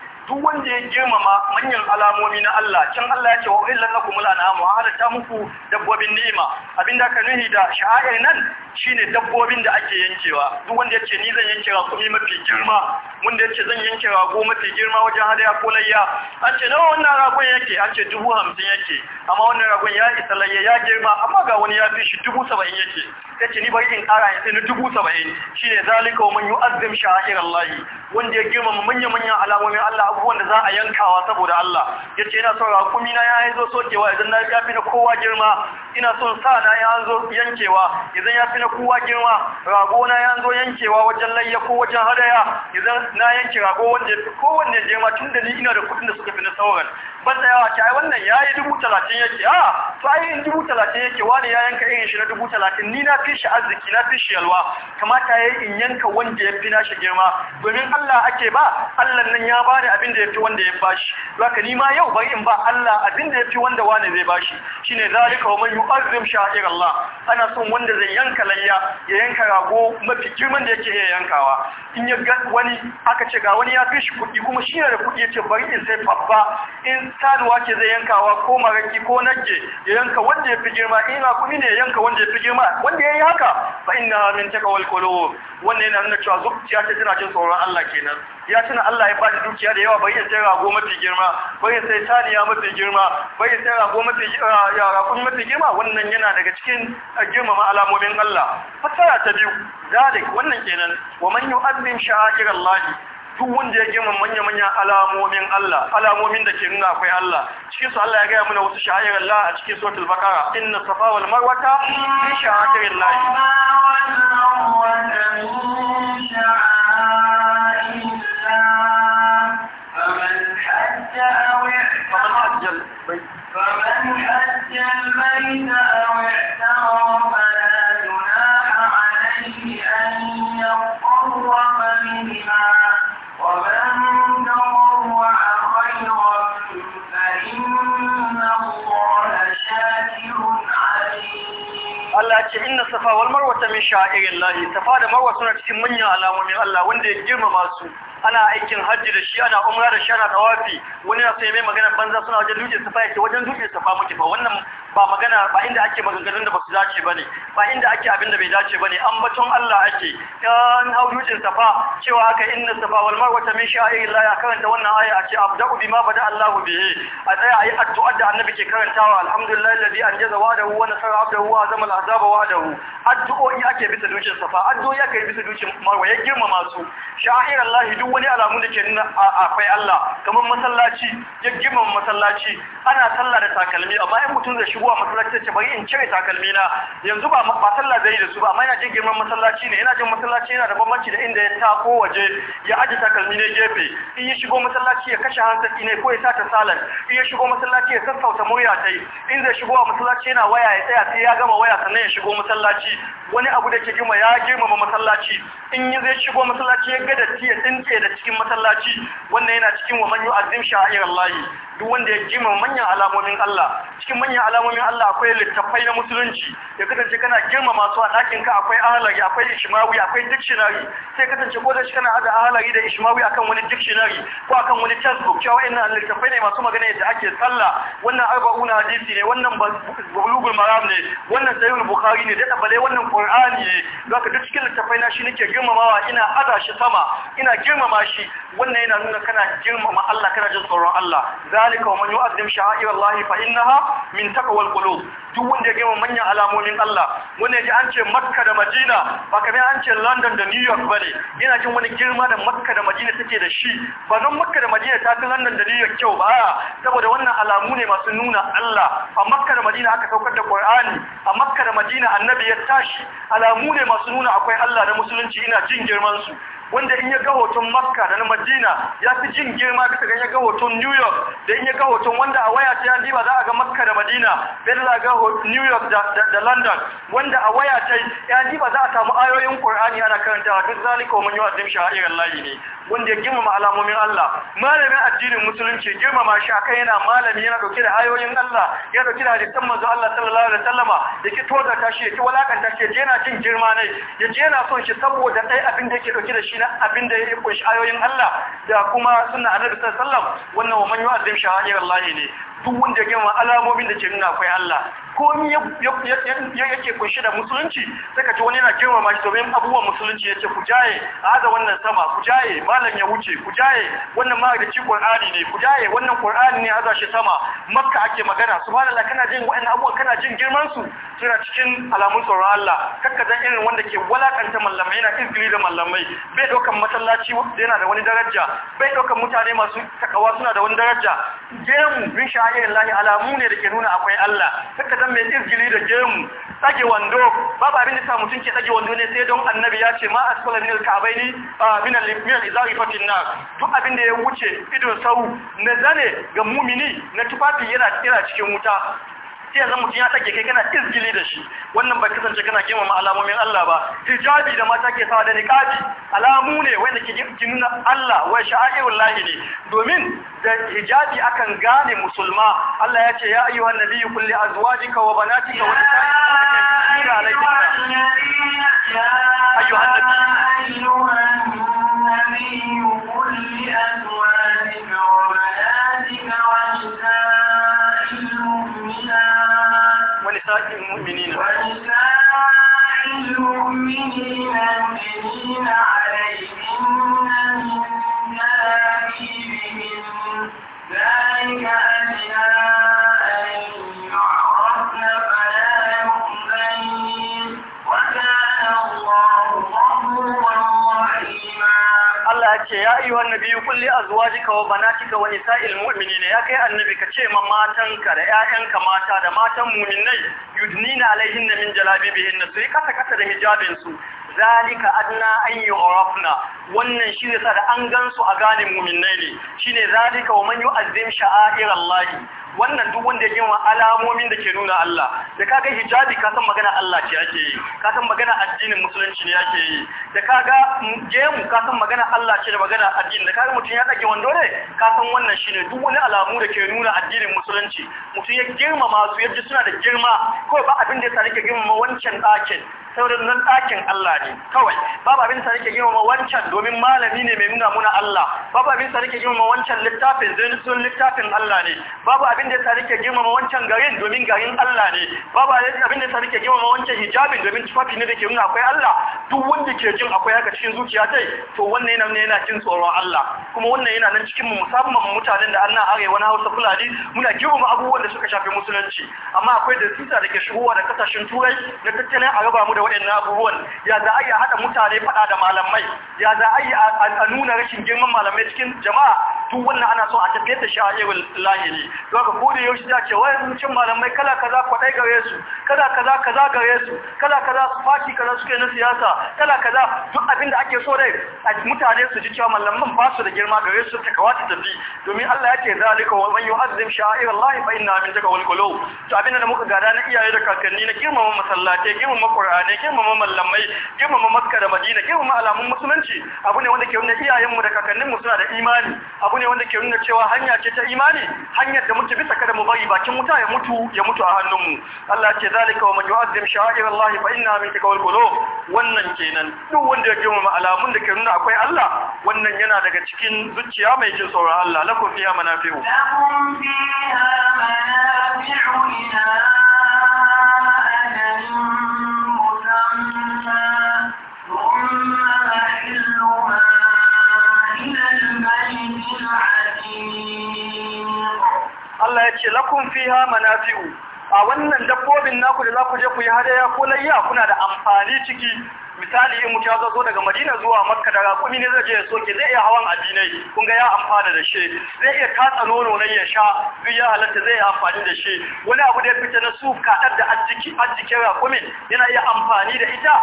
duk wanda ya girmama manyan alamomi na Allah can Allah ya ce wa illan lakum anamu halatta muku dabbobin ni'ima abinda ka nuhi da sha'air nan shine dabbobin da ake yankewa duk wanda yace ni zan yanke rakumi mafi girma mun da yace zan yanke rago mafi girma wajen hadaya ko layya an ce nawa wannan ragon yake an ce dubu hamsin yake amma wannan ragon ya isa layya ya girma amma ga wani ya fi shi dubu saba'in yake yace ni bari in kara ya sai na dubu saba'in shine zalika wa man yu'azzim sha'air Allah wanda ya girmama manya-manyan alamomin Allah abubuwan da za a yankawa saboda Allah ya ce yana son rakumi na ya zo sokewa idan na ya fi na kowa girma ina son sa na ya zo yankewa idan ya fi na kowa girma rago na ya zo yankewa wajen layya ko wajen hadaya idan na yanke rago wanda kowanne girma tun da ni ina da kuɗin da suka fi na sauran ban tsayawa ce ai wannan ya yi dubu talatin yake a ah, to ai in dubu talatin yake wani ya yanka irin shi na dubu talatin ni na fi shi arziki na fi shi yalwa kamata ya yi in yanka wanda ya fi na shi girma domin Allah ake ba Allah nan ya bani abin da yafi wanda ya bashi zaka ni ma yau bari in ba Allah abin da yafi wanda wane zai bashi shine zalika wa man yu'azzim sha'ir Allah ana son wanda zai yanka layya ya yanka rago mafi girman da yake iya yankawa in ya ga wani aka ce ga wani ya fi shi kuɗi kuma shi da kuɗi yace bari in sai babba in sanuwa ke zai yankawa ko maraki ko nagge ya yanka wanda yafi girma in rakumi ne ya yanka wanda yafi girma wanda ya yi haka fa inna min taqwal qulub wannan yana nuna cewa zuciya ta tana cin tsoron Allah kenan ya tuna Allah ya bashi dukiya da yawa bai ya sai rago mafi girma bai ya sai saniya mafi girma bai ya sai rago mafi eh, raƙun mafi girma wannan yana daga cikin eh, girmama alamomin Allah fasara ta biyu dalik, wannan kenan wa man yu'azzim sha'air Allah duk wanda ya girma manya manya alamomin Allah alamomin da ke nuna akwai Allah cikin su Allah ya gaya mana wasu sha'air Allah a cikin suratul baqara inna safa wal marwata min sha'air Allah safa wal marwa ta min sha'irin lahi safa da marwa suna cikin manyan alamomin Allah wanda ya girmama su ana aikin hajji da shi ana umra da shi ana tawafi wani na sai mai magana banza suna wajen dutse safa yake wajen dutse safa muke ba wannan ba magana ba inda ake maganganun da basu dace bane ba inda ake abin da bai dace bane an baton Allah ake an hau dutsen safa cewa haka inna safa wal marwa min sha'irillah ya karanta wannan aya a ce abda'u bima bada Allahu bihi a tsaya ayi addu'a da annabi ke karantawa alhamdulillah alladhi anjaza wa'dahu wa nasara abdahu wa azama al-ahzaba wa'dahu addu'o'i ake bisa dutsen safa addu'o'i ake bisa dutsen marwa ya girmama su sha'irillah duk wani alamu da ke nuna akwai Allah kamar masallaci yaggimar masallaci ana sallah da takalmi amma in mutum zai shigo a masallaci ce bari in cire takalmi na yanzu ba ma sallah zai da su ba amma ina jin girman masallaci ne ina jin masallaci yana da bambanci da inda ya ta ko waje ya aje takalmi ne gefe in ya shigo masallaci ya kashe hankali ne ko ya sa ta salat in ya shigo masallaci ya sassauta murya ta yi in zai shigo a masallaci yana waya ya tsaya sai ya gama waya sannan ya shigo masallaci wani abu da ke girma ya girmama masallaci in zai shigo masallaci ya ga datti ya tsince da cikin masallaci wannan yana cikin wa man yu'azzim sha'ir Allah duk wanda ya jima manyan alamomin Allah cikin manyan alamomin Allah akwai littafai na musulunci ya kasance kana girma masu a ɗakin ka akwai ahalari akwai ishmawi akwai dictionary sai kasance ko da shi kana ada ahalari da ishmawi akan wani dictionary ko akan wani textbook cewa wa'annan littafai ne masu magana yadda ake sallah wannan arba'una hadisi ne wannan bulugul maram ne wannan sayyidul bukhari ne da bale wannan qur'ani ne zaka duk cikin littafai na shi nake girmamawa ina ada shi sama ina girmama shi wannan yana nuna kana girmama Allah kana jin tsoron Allah zalika wa man yu'azzim sha'air Allah fa innaha min taqwal qulub duk wanda ya gama manyan alamomin Allah wanda ya ji an ce Makka da Madina ba kamar an ce London da New York ne. yana jin wani girma da Makka da Madina take da shi ba don Makka da Madina ta fi London da New York kyau ba saboda wannan alamu ne masu nuna Allah a Makka da Madina aka saukar da Qur'ani a Makka da Madina annabi ya tashi alamu ne masu nuna akwai Allah da musulunci ina jin girman su wanda in ya ga hoton makka da na madina ya fi jin girma bisa ga ya ga hoton new york da in ya ga hoton wanda a waya ta yi ba za a ga makka da madina bai da ga new york da london wanda a waya ta yanzu ba za a samu ayoyin qur'ani ana karanta duk zalika wa man yu'azzim sha'irar layi ne wanda ya girmama alamomin Allah malamin addinin musulunci girmama shi akan yana malami yana dauke da ayoyin Allah ya dauke da hadisan manzo Allah sallallahu alaihi wasallam da ke toda shi ya ki walakanta shi yana jin girma ne ya je yana son shi saboda dai abin da yake dauke da shi na abin da ya kunshi ayoyin Allah da kuma suna annabi sallallahu alaihi wasallam wannan wa man yu'azzim sha'air Allah ne wanda da girma alamomin da ke nuna akwai Allah ko komi yake kunshi da musulunci sai ka ji wani yana ma shi domin abubuwan musulunci yace ku jaye haza wannan sama ku jaye malam ya wuce ku jaye wannan mahadaci qur'ani ne ku jaye wannan qur'ani ne haza shi sama makka ake magana subhanallah kana jin wa'annan abubuwan kana jin girman su suna cikin alamun tsoron Allah kakka zan irin wanda ke walakanta mallamai yana izgili da mallamai bai ɗaukan masallaci yana da wani daraja bai daukan mutane masu takawa suna da wani daraja gemu bin sha'a ilaha lahi alamu ne da ke nuna akwai Allah suka zan mai izgili da gemu tsage wando babu abin da sa mutum ke tsage wando ne sai don annabi ya ce ma asfala min alka'baini min al-min al-izari na duk abin da ya wuce idon sau na zane ga mumini na tufafi yana tsira cikin wuta sai yanzu mutum ya sake kai kana izgili da shi wannan bai kasance kana girmama alamomin Allah ba hijabi da mata ke sawa da niqabi alamu ne wanda ke nuna Allah wa sha'airul lahi ne domin da hijabi akan gane musulma Allah ya ce ya ayyuhan nabiyyu qul li azwajika wa banatika wa nisa'i ayyuhan nabiyyu nabiyyu kulli azwajika wa banatika wa nisa'il mu'minina ya kai annabi ka ce ma matanka da ƴaƴanka mata da matan mu'minai yudnina alaihin min jalabibihinna su kasa kasa da hijabin su zalika adna an yu'rafna wannan shine sa da an gansu a gane mu'minai ne shine zalika wa man yu'azzim sha'airallahi wannan duk wanda ya wa alamomin da ke nuna Allah da kaga hijabi ka san magana Allah ce yake yi ka san magana addinin musulunci ne yake yi da kaga gemu ka san magana Allah ce da magana addini da kaga mutum ya dage wando ne ka san wannan shine duk wani alamu da ke nuna addinin musulunci mutum ya girma masu yaji suna da girma kawai ba abin da yasa nake girma wancan ɗakin saurin nan ɗakin Allah ne kawai babu abin sa nake girma wancan domin malami ne mai nuna muna Allah babu abin sa nake girma wancan littafin sun littafin Allah ne babu abin da sa nake girma wancan garin domin garin Allah ne babu abin da sa nake girma wancan hijabin domin tufafi ne da ke nuna akwai Allah duk wanda ke jin akwai haka cikin zuciya tai to wannan yana yana jin tsoron Allah kuma wannan yana nan cikin mu musamman mutanen da Allah arewa na Hausa Fulani muna girma abubuwan da suka shafi musulunci amma akwai da tsitsa da ke shigowa da kasashen turai na tattalin araba mu da da waɗannan nabuwan ya za a yi a haɗa mutane faɗa da malamai ya za a yi a nuna rashin girman malamai cikin jama'a tun wannan ana so a tafiyar da sha'irul lahiri zuwa ga kudi yau shi za ce wayan cin malamai kala kaza kwadai gare su kala kaza kaza gare su kala kaza su fashi kaza suke na siyasa kala kaza duk abin da ake so dai mutane su ji cewa malamman ba su da girma gare su ta kawata tafi domin Allah ya ce zalika wa man yu'azzim sha'irul lahi fa inna min wal qulub to abin da muka gada na iyaye da kakanni na girmama masallatai girmama qur'ani girmama mallamai girmama makka da madina girmama alamun musulunci abu ne wanda ke wanda iyayenmu da kakanninmu suna da imani abu ne wanda ke nuna cewa hanya ce ta imani hanyar da muke bisa kada mu bari bakin wuta ya mutu ya mutu a hannunmu Allah ce zalika wa man yu'azzim sha'air Allah fa inna min taqwal qulub wannan kenan duk wanda ya girmama alamun da ke nuna akwai Allah wannan yana daga cikin zuciya mai jin tsoron Allah lakum fiha manafi'u lakum fiha manafi'u ila ajalin Allah ya ce lakum fiha manafi'u a wannan dabbobin naku da za ku je ku yi hadaya ko layya kuna da amfani ciki misali in mutum ya zo daga Madina zuwa Makka da raƙumi ne zai je ya soke zai iya hawan addinai kun ga ya amfana da shi zai iya tatsa nono na ya sha zai ya halatta zai iya amfani da shi wani abu da ya fita na su kaɗar da arzikin raƙumin yana iya amfani da ita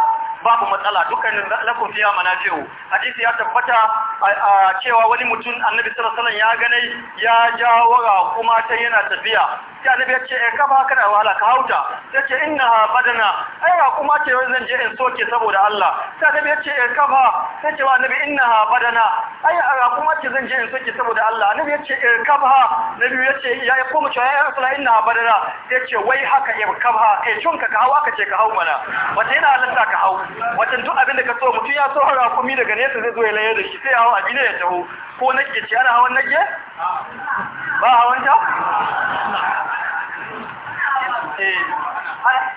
babu matsala dukkanin lakum fiya manafi'u hadisi ya tabbata a cewa wani mutum annabi sallallahu alaihi wasallam ya ganai ya jawara kuma ta yana tafiya sai annabi ya ce eh ka ba kana wahala ka hauta sai ce inna badana ai ra kuma ce yau zan je in soke saboda Allah sai annabi ya ce eh ka ba sai ce annabi inna badana ai ra kuma ce zan je in soke saboda Allah annabi ya ce eh ka ba annabi ya ce ya koma cewa ya rasula inna badana sai ce wai haka ya ka ba kai eh, cunka ka hawa ka ce ka hau mana wata yana halatta ka hau Wajen duk abin da ka so mutum ya so hana kumi daga nesa zai zo ya laye da shi sai hawa abin ya taho ko nake ce ana hawan nake ba hawan ta eh,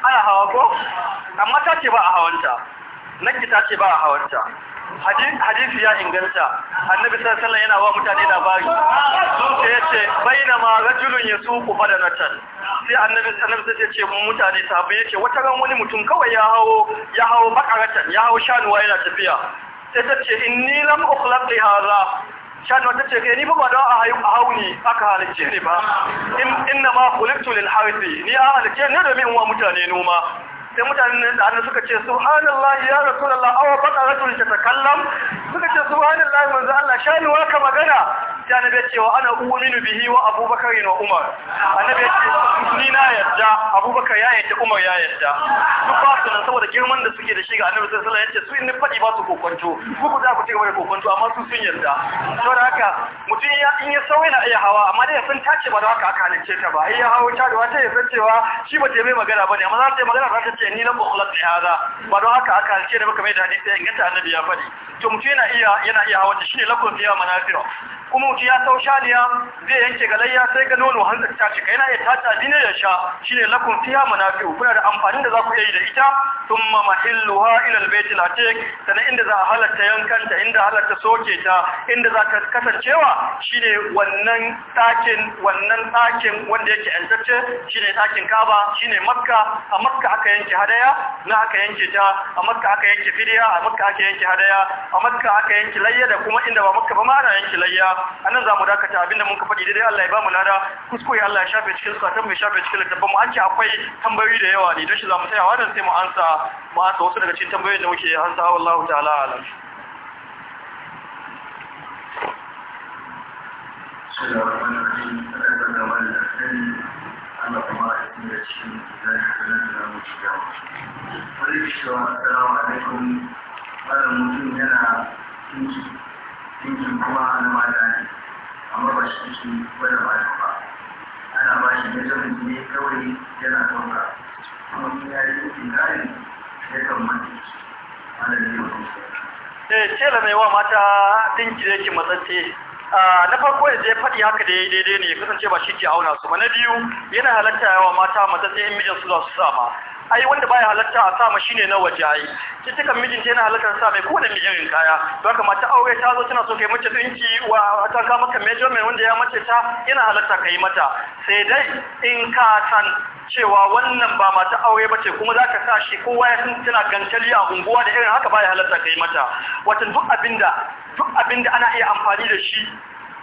ana hawa ko amma ta ce ba a hawan ta nake ta ce ba a hawan ta. hadisi ya inganta annabi sallallahu alaihi yana wa mutane labari sai baina ma rajulun yasuqu fadanatan sai annabi sallallahu alaihi ce mutane sahabbai yace wata ran wani mutum kawai ya hawo ya hawo bakaratan ya hawo shanuwa yana tafiya sai ta ce inni lam ukhlaq li hadha shanuwa ta ce eh, kai ni ba ba da a hauni aka halice ni ba inna ma khulqtu lil harithi ni a halice ne domin wa mutane noma sai mutane da hannu suka ce subhanallahi ya rasulullah awa baqaratul tatakallam suka ce subhanallahi manzo Allah shanuwa ka magana sai annabi ya ce wa ana uminu bihi wa abubakar wa umar annabi ya ce ni na yarda abubakar ya yarda umar ya yarda duk ba su nan saboda girman da suke da shi ga annabi sallallahu alaihi wasallam ya ce su in faɗi ba su kokonto ku ku za ku ci gaba da kokonto amma su sun yarda da haka mutum ya in ya sauya na iya hawa amma dai ya san tace ba da haka aka halince ta ba ya hawo ta da ta ya san cewa shi ba ta mai magana bane amma za ta yi magana za ta ce ni na bukhlat ne hada ba da haka aka halince da baka mai da hadisi inganta annabi ya faɗi to mutum yana iya yana iya hawa shi ne lakon biya manafiro kuma wuce ya sau shaniya zai yanke galayya sai ga nono hanzar ta cika yana ita ta dine ya sha shine fiya mana manafi'u kuna da amfani da za ku iya yi da ita thumma mahilluha ila albaytil atiq sanan inda za a halatta yankanta inda halatta soke ta inda za ta kasancewa shine wannan takin wannan takin wanda yake yantacce shine kaba shi shine Makka a Makka aka yanke hadaya na aka yanke ta a Makka aka yanke fidiya a Makka aka yanke hadaya a Makka aka yanke layya da kuma inda ba Makka ba ma ana yanke layya anan zamu dakata abinda mun ka faɗi daidai Allah ya ba mu lada kuskure Allah ya shafe cikin satan mai shafe cikin littafin mu an ce akwai tambayoyi da yawa ne don shi zamu tsaya wannan sai mu ansa mu ansa wasu daga cikin tambayoyin da muke ansa wallahu ta'ala alam Allah kuma ya da cikin zai hakanan da mu ci gaba. Wani cewa, Assalamu alaikum, wannan mutum yana tinkin kuma na mata amma ba shi ke wani bayan ba ana ba shi ne zama ne kawai yana ɗauka kuma in ya yi ɗaukin gari ya kan mace ana ne wa eh tela mai wa mata dinki da yake matsatse ah, na farko yanzu ya faɗi haka da ya daidai ne ya kasance ba shi ke auna su ba na biyu yana halatta yawa mata matsatse in mijin su za su sama ai wanda baya halatta a sama shine na waje ai cikin mijinta yana halatta sa mai kowane mijin kaya don haka mata aure ta zo tana so kai mace dinki wa ta ka maka measurement wanda ya mace ta yana halatta kai mata sai dai in ka san cewa wannan ba mata aure ba ce kuma za ka sa shi kowa ya san tana gantali a unguwa da irin haka baya halatta kai mata watan duk abinda duk abinda ana iya amfani da shi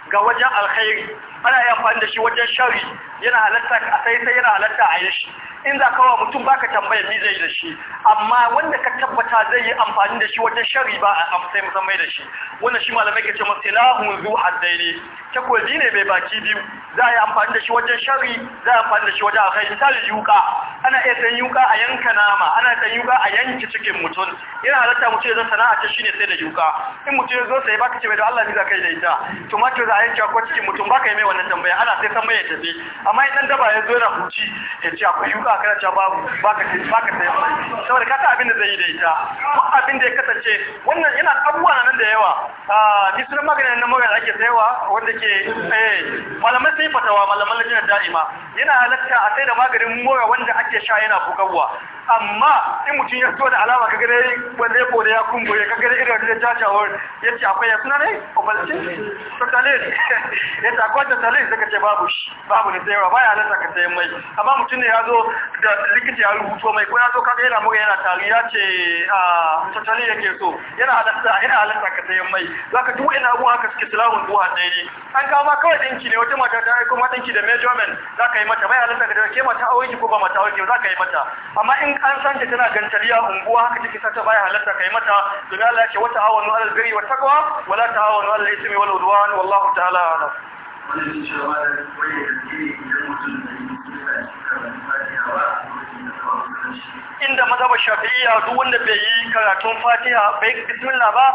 ga wajen alkhairi ana iya amfani da shi wajen shari yana halatta a sai sai yana halatta a yashi in za ka wa mutum baka tambayar mi zai da shi amma wanda ka tabbata zai yi amfani da shi wajen shari ba a amsai musamman da shi wannan shi malamai ke ce masu ilahun zu haddaini takobi ne mai baki biyu za a yi amfani da shi wajen shari za a yi amfani da shi wajen alkhairi misali yuka ana iya ɗan yuka a yanka nama ana ɗan yuka a yanki cikin mutum yana halatta mutum ya zo sana'a ta shine sai da yuka in mutum ya zo sai baka ce mai da Allah zai kai da ita tumatir za a yanka ko cikin mutum baka yi mai wannan tambaya ana sai san mai ya tafi amma idan daba ya zo na huci ya ce akwai yuka kana ce babu baka ce baka sai saboda ka ta abin da zai yi da ita ko abin da ya kasance wannan yana abubuwa nan da yawa a ni sunan maganin nan maganin ake sayawa wanda ke eh malamai sai fatawa malaman lajina da'ima yana halatta a sai da maganin mura wanda ake ce sha yana bugawa amma in mutum ya so da alama ka gare wanda ya kore ya kumbure ka gare irin da jajawar ya ce akwai ya suna ne obalce totalin ya ce akwai totalin suka ce babu shi babu da sayarwa baya halatta ka sayan mai amma mutum ne ya zo da likita ya rubuto mai ko ya zo kaga yana mura yana tari ya ce a ah, totalin yake so yana halatta yana halatta ka sayan mai za ka duk ina abubuwa haka suke silahun duwa ɗaya ne an kawo ma kawai ɗinki ne wata mata ta aiko ma ɗinki da measurement za ka yi mata bai halatta ka da ke mata aure ki ko ba mata aure ki za ka yi mata amma in an san ta tana gantaliya unguwa haka take ta baya halatta kai mata domin Allah ya ce wata awanu alal gari wa takwa wala ta'awanu alal ismi wal udwan wallahu ta'ala Inda mazhaba shafi'iyya duk wanda bai yi karatun fatiha bai bismillah ba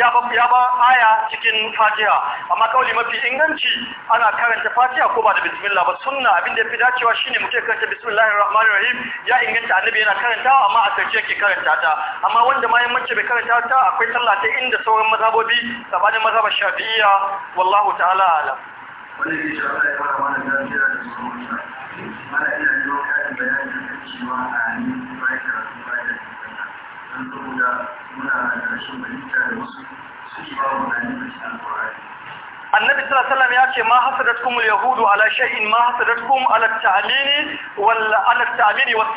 ya ba ya ba aya cikin fatiha amma kauli mafi inganci ana karanta fatiha ko ba da bismillah ba sunna abin da ya fi dacewa shine mutum ya karanta bismillahir rahmanir rahim ya inganta annabi yana karanta, amma a sarki yake karanta ta amma wanda ma mace bai karanta ta akwai sallah ta inda sauran mazhabobi sabanin mazhabar shafi'iyya wallahu ta'ala alam ya fara da yi cewa a da don muna da rashin fahimta da wasu suke annabi sallallahu alaihi ya ce ma hasadatkum alyahudu ala shay'in ma hasadatkum ala ta'lini wal ala ta'lini was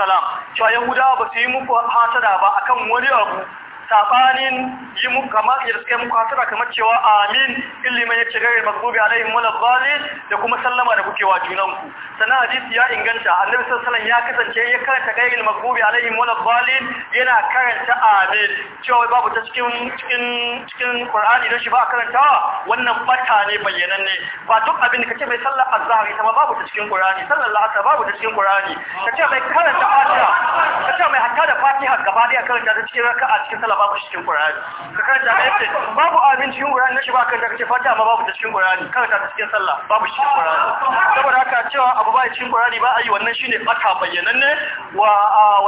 cewa yahudawa ba su yi muku hasada ba akan wani abu sabanin yi mu kamar irske mu kasara kamar cewa amin ilimin ya ce gare magbubi alaihim wala zalim da kuma sallama da kuke wa junanku sannan hadisi ya inganta annabi sallallahu ya kasance ya karanta gare magbubi alaihim wala zalim yana karanta amin cewa babu ta cikin cikin cikin qur'ani don shi ba karanta wannan bata ne bayyananne ba duk abin da kace mai sallar azhar ita babu ta cikin qur'ani sallar la'asar babu ta cikin qur'ani kace mai karanta fatiha kace mai hatta da fatiha gaba daya karanta ta cikin raka'a cikin sallah babu cikin Qur'ani ka karanta ayatin babu abin cikin Qur'ani nashi ba kan da kace fata amma babu cikin Qur'ani karanta ta cikin sallah babu cikin Qur'ani saboda haka cewa abu ba cikin Qur'ani ba ayi wannan shine bata bayyananne wa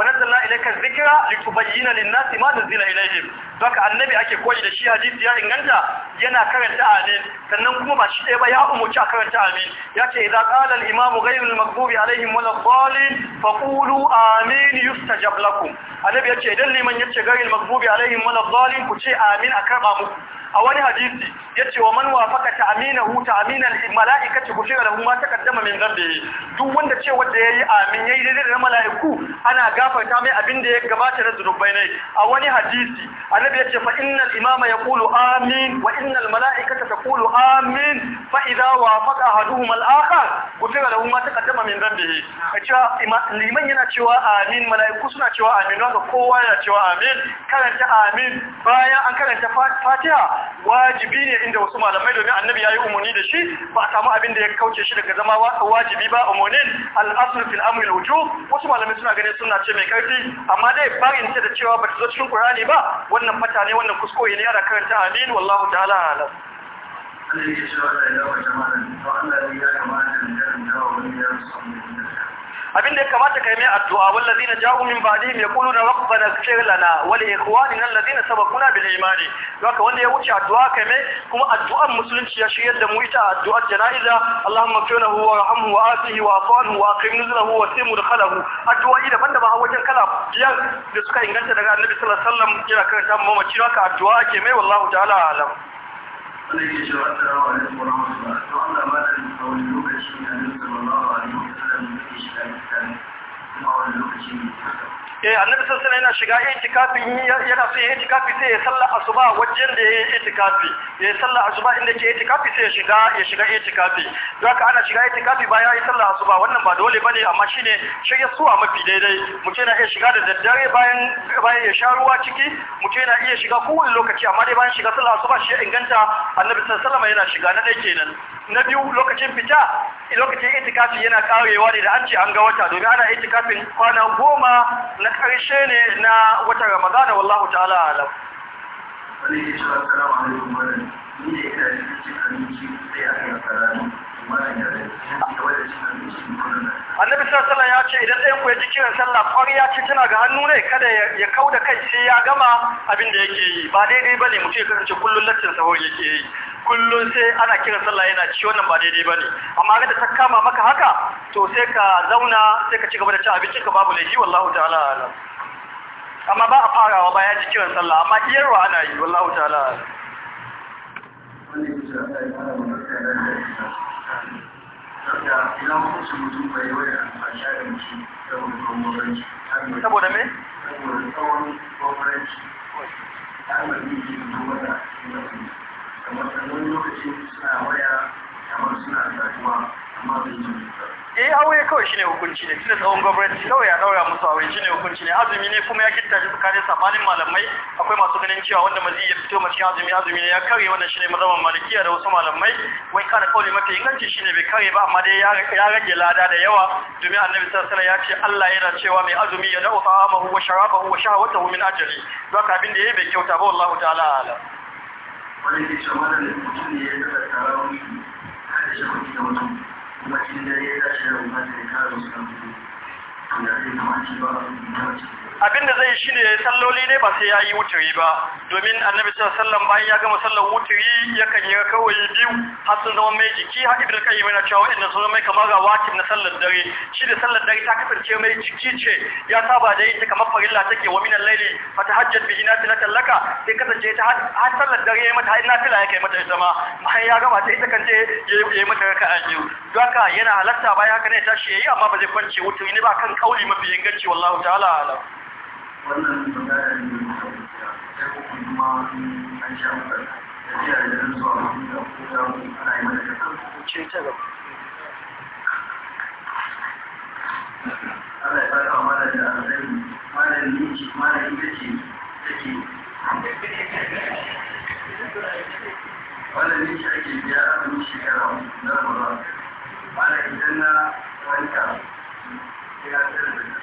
wa nazzalna ilayka dhikra litubayyana lin-nasi ma nuzila ilayhim haka annabi ake koyi da shi hadisi ya inganta yana karanta amin sannan kuma ba shi ɗaya ba ya umurci a karanta amin ya ce idza qala al-imam ghayrul maghdubi alaihim waladdallin faqulu amin yustajab lakum annabi ya ce idan liman yace ghayrul maghdubi alaihim alaihim wala dhalim ku ce amin a karba muku a wani hadisi yace wa man wafaqa ta'minahu ta'minal malaikati ku shira lahu ma taqaddama min dhanbihi duk wanda ce wanda yayi amin yayi daidai da malaiku ana gafarta mai abin da ya gabata na zunubai ne a wani hadisi annabi yace fa innal imama yaqulu amin wa innal malaikata taqulu amin fa idza wafaqa ahaduhum al-akhar ku shira lahu ma taqaddama min dhanbihi kace liman yana cewa amin malaiku suna cewa amin wanda kowa yana cewa amin karanta amin bayan an karanta fatiha wajibi ne inda wasu malamai domin annabi ya yi umarni da shi ba a samu abin da ya kauce shi daga zama wajibi ba umarnin al'asul fil amri wujub wasu malamai suna ganin suna ce mai karfi amma dai barin ta da cewa ba ta zo cikin qur'ani ba wannan fata ne wannan kuskure ne ana karanta amin wallahu ta'ala alam Allah ya shi wa ta'ala wa jama'a Allah ya kamata da karanta dawa wani ya samu abin da ya kamata kai mai addu'a wallazina ja'u min ya yaquluna rabbana ighfir lana wa li ikhwanina allazina sabaquna bil iman haka wanda ya wuce addu'a kai mai kuma addu'an musulunci ya shiryar da mu ita addu'ar janaiza Allahumma ighfir lahu warhamhu wa afihi wa afwanhu wa aqim nuzlahu wa sim mudkhalahu addu'o'i daban-daban a wajen kala biyar da suka inganta daga Annabi sallallahu alaihi wasallam yana karanta mu mamaci haka addu'a ke mai wallahu ta'ala alam wanda ke cewa assalamu alaikum wa rahmatullah to da a wani lokaci ne a nufin sallallahu alaihi wa da kuma wani lokaci ne eh annabi sallallahu alaihi yana shiga itikafi yana so ya itikafi sai ya salla asuba wajen da ya itikafi ya salla asuba inda ke itikafi sai ya shiga ya shiga itikafi don haka ana shiga itikafi bayan ya salla asuba wannan ba dole bane amma shine shirye suwa mafi daidai mutum yana iya shiga da daddare bayan bayan ya sha ruwa ciki mutum yana iya shiga kowane lokaci amma dai bayan shiga salla asuba shi ya inganta annabi sallallahu alaihi yana shiga na dai kenan na biyu lokacin fita lokacin itikafi yana karewa ne da an ce an ga wata domin ana itikafin kwana goma na karshe ne na watan ramadana wallahu ta'ala alam Annabi ya ce idan ɗayan ku ya ji kiran sallah ya ce tana ga hannu ne kada ya kau da kai sai ya gama abin da yake yi ba daidai ba ne mutu ya kasance kullum lattin sahur yake yi kullum sai ana kira sallah yana ci wannan ba daidai ba ne amma ga ta kama maka haka to sai ka zauna sai ka ci gaba da cin abincin ka babu laifi wallahu ta'ala alam amma ba a farawa ba ya ji kiran sallah amma iyarwa ana yi wallahu ta'ala alam saboda me? saboda tsawon kwamfaranci ta amurka ne ke zuwa da wani eh aure kawai shine hukunci ne tunda tsawon gwamnati kawai ya daura musu aure shine hukunci ne azumi ne kuma ya kitta shi tsakanin sabanin malamai akwai masu ganin cewa wanda mazi ya fito mace azumi azumi ne ya kare wannan shine mazhaban malikiya da wasu malamai wai kana kauli mafi inganci shine bai kare ba amma dai ya rage lada da yawa domin annabi sallallahu ya ce Allah yana cewa mai azumi ya da'u ta'amahu wa sharabahu wa shahawatahu min ajali zaka abin da ya bai kyauta ba wallahu ta'ala Wani da mutum ne ya saka da shi kuɗi da mutum kuma cikin ya tashi da mutum da ya kare ba a abinda zai shi ne salloli ne ba sai ya yi wuturi ba domin annabi sallallahu bayan ya gama sallar wuturi yakan yi kawai biyu har sun zama mai jiki har ibnu qayyim yana cewa inda sun zama mai kamar wakin na sallar dare shi da sallar dare ta kasance mai jiki ce ya saba da yin ta kamar farilla take wa minal layli fatahajjat bi nafilatan laka sai kasance ta har sallar dare yayi mata har fila yake mata ita ma bayan ya gama ta ita ya yayi mata raka'a biyu don haka yana halatta bayan haka ne tashi yayi amma ba zai kwance wuturi ne ba kan kauli mafi inganci wallahu ta'ala alam wannan magana ne mai sauƙiya sai ko kuma an sha maka da jiya da nan zuwa wani da ko da ana yi mana kasan ce ta gaba Allah ya fara mana da da alheri malami malami ita ce take malami ce ake biya abin shekara na ramadan malami idan na wanka ya tsara da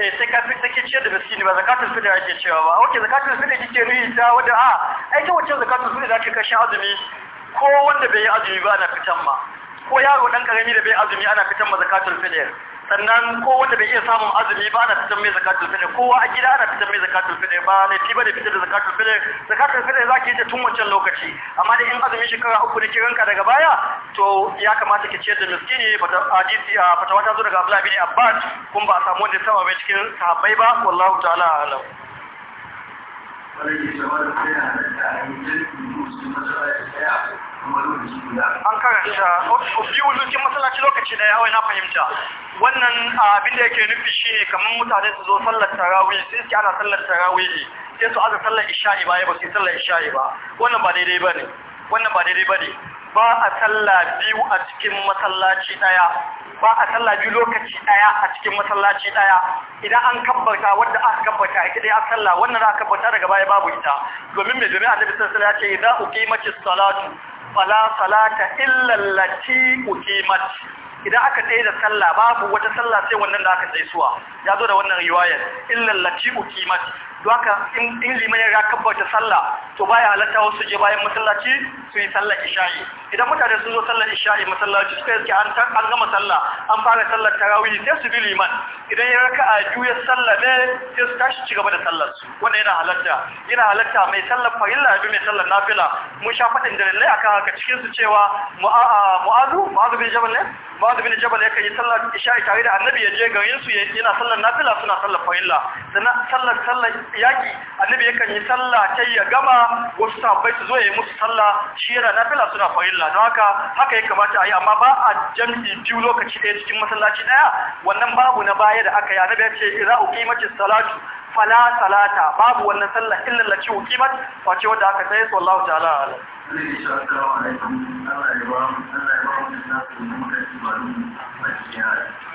eh sai ka fi ke ciyar da miskini ba zakatul fitr ake cewa ba okay zakatul fitr kike ni ta wanda a ai ta wacce zakatul fitr zaka kashe azumi ko wanda bai yi azumi ba ana fitan ma ko yaro dan karami da bai azumi ana fitan ma zakatul fitr sannan ko wanda bai iya samun azumi ba ana fitar mai zakatul fitr kowa a gida ana fitar mai zakatul fitr ba laifi ba da fitar da zakatul fitr zakatul fitr za ki yi ta tun wancan lokaci amma da in azumi shekara uku da kiranka daga baya to ya kamata ki ciyar da miskini hadisi a fatawa ta zo daga Abdullah bin Abbas kun ba a samu wanda ya saba bai cikin sahabbai ba wallahu ta'ala alam wani da shawar da ya da ayyukan da su matsala an karanta biyu lukin masallaci lokaci da yawai na fahimta wannan abin da yake nufi shi ne kamar mutane su zo sallar tarawih sai suke ana sallar tarawih sai su aza sallar isha'i ba ba su sallar isha'i ba wannan ba daidai ba ne wannan ba daidai ba ne. ba a salla biyu a cikin masallaci daya ba a salla biyu lokaci daya a cikin masallaci daya idan an kabbata wadda aka kabbata ita dai aka salla wannan aka kabbata daga baya babu ita domin me domin Annabi sallallahu alaihi wasallam ya ce idza uqimatis salatu fala salata illa allati uqimat idan aka tsaye da sallah babu wata sallah sai wannan da aka tsaye ya zo da wannan riwayar illa allati uqimat don haka in liman ya kabbata sallah to baya halatta wasu je bayan masallaci su yi sallar isha'i idan mutane sun zo sallar isha'i masallaci suka yi an an gama sallah an fara sallar tarawih sai su bi liman idan ya raka a juya sallah ne sai su tashi ci gaba da sallar su wannan yana halatta yana halatta mai sallar farilla da mai sallar nafila mun sha faɗin lalle akan haka cikin su cewa mu'azu mu'azu bin jabal ne mu'azu bin jabal ya kai sallar isha'i tare da annabi ya je garin su yana sallar nafila suna sallar farilla sannan sallar sallar yaki annabi yakan yi sallah ta ya gama wasu sahabbai su zo ya yi musu sallah shi yana nafila suna farilla don haka haka ya kamata a yi amma ba a jam'i biyu lokaci ɗaya cikin masallaci ɗaya wannan babu na baya da aka yi annabi ya ce idza uqimatis salatu fala salata babu wannan sallah illa lati uqimat wace wanda aka sai sallahu ta'ala alaihi Allah ya ba mu ya ba mu mu ba mu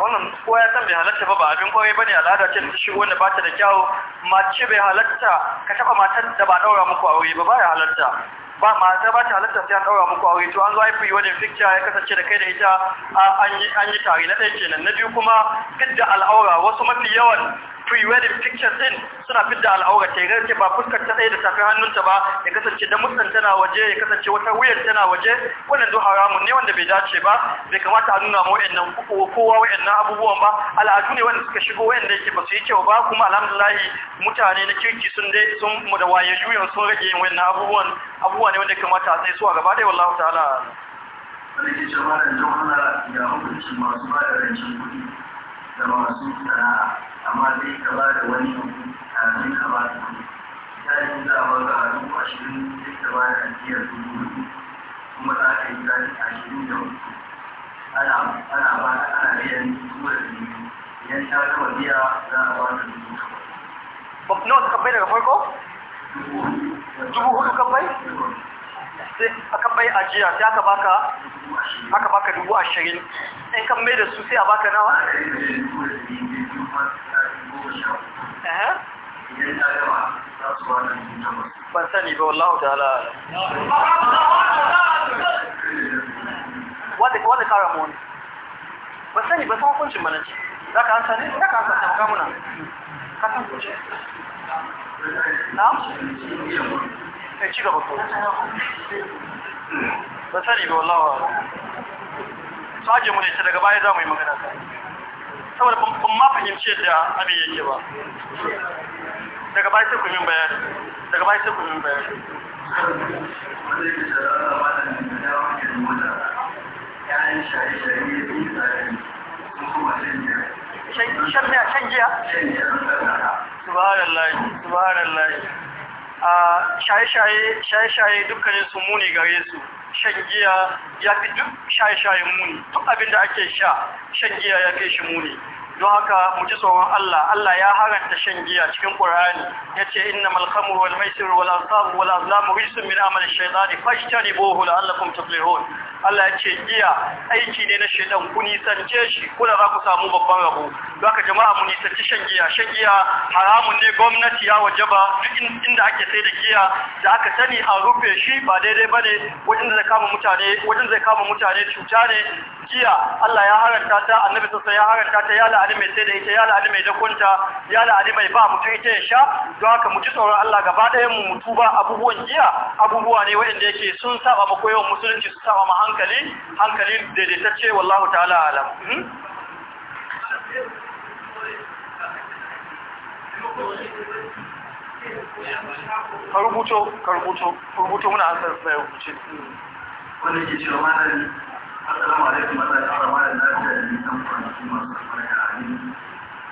wannan kowa ya san bai halatta ba ba abin kwarai bane al'ada ce da shigo wanda ba ta da kyawu mace bai halatta ka taba matan da ba daura muku aure ba ba ya halatta ba mata ba ta halatta sai an daura muku aure to an zo haifu yi wani fikta ya kasance da kai da ita an yi tare na ɗaya kenan na biyu kuma duk da al'aura wasu mafi yawan pre-wedding pictures din suna fidda al'aura ta yi ce ba fuskar ta tsaye da tafi hannunta ba ya kasance da mutsan tana waje ya kasance wata wuyar tana waje wannan duk haramun ne wanda bai dace ba bai kamata a nuna ma wayannan kowa nan abubuwan ba al'adu ne wanda suka shigo wayanda yake ba su yi kyau ba kuma alhamdulahi mutane na kirki sun dai sun mu da waye juyan sun rage yin wayannan abubuwan abubuwa ne wanda kamata a tsaye su a gaba dai wallahi ta'ala wani ke jama'a da jama'a ya hukunci masu ba da rancen kuɗi da masu sana'a amma zai ka ba da wani kafin ka ba su misali za a baka a dubu ashirin zai ka ba da ajiyar dubu hudu kuma za ka yi zafi ashirin da hudu ana ana ba ta ana biyan dubu da dubu idan ta gama biya za a ba ta dubu takwas. Nawa suka bai daga farko? Dubu hudu. Dubu bai? sai aka bai ajiya sai aka baka aka baka dubu ashirin in kan mai da su sai a baka nawa ban sani ba wallahu ta'ala wadda kara mu wani ban sani ba san hukuncin mananci za ka hansa ne za ka hansa samu kamuna ka san kuce na? sai ci gaba ko ba sani ba wallahi sake mu ne ta daga baya za mu yi magana saboda ban ma fahimci yadda abin yake ba daga baya sai ku min bayani daga baya sai ku min bayani shan giya Subhanallah, subhanallah. shaye-shaye dukkanin su muni gare su shan giya ya fi duk shaye shaye muni duk abinda ake sha shan giya ya fi shi muni don haka mu ji tsoron Allah Allah ya haranta shan giya cikin Qur'ani yace innamal khamru wal maisiru wal ansabu wal azlamu rijsun min amali shaytani fajtanibuhu la'allakum tuflihun Allah yace giya aiki ne na shaytan ku nisance shi kula za ku samu babban rabo don haka jama'a mu nisanci shan giya shan giya haramun ne gwamnati ya wajaba duk inda ake sai da giya da aka sani a rufe shi ba daidai bane wajen da zai kama mutane wajen zai kama mutane cuta ne giya Allah ya haranta ta annabi sallallahu alaihi wasallam ya haranta ta ya la'ani mai sai da ita ya la'ani mai dakunta ya la'ani mai ba mutum ita ya sha don haka mu ji tsoron Allah gaba ɗaya mu mutu ba abubuwan giya abubuwa ne waɗanda yake sun saba ma koyon musulunci su saba ma hankali hankali daidaitacce wallahu ta'ala alam hmm? ka rubuto ka rubuto rubuto muna hasar sai rubuce wannan ke cewa malami assalamu alaikum wa rahmatullahi wa barakatuh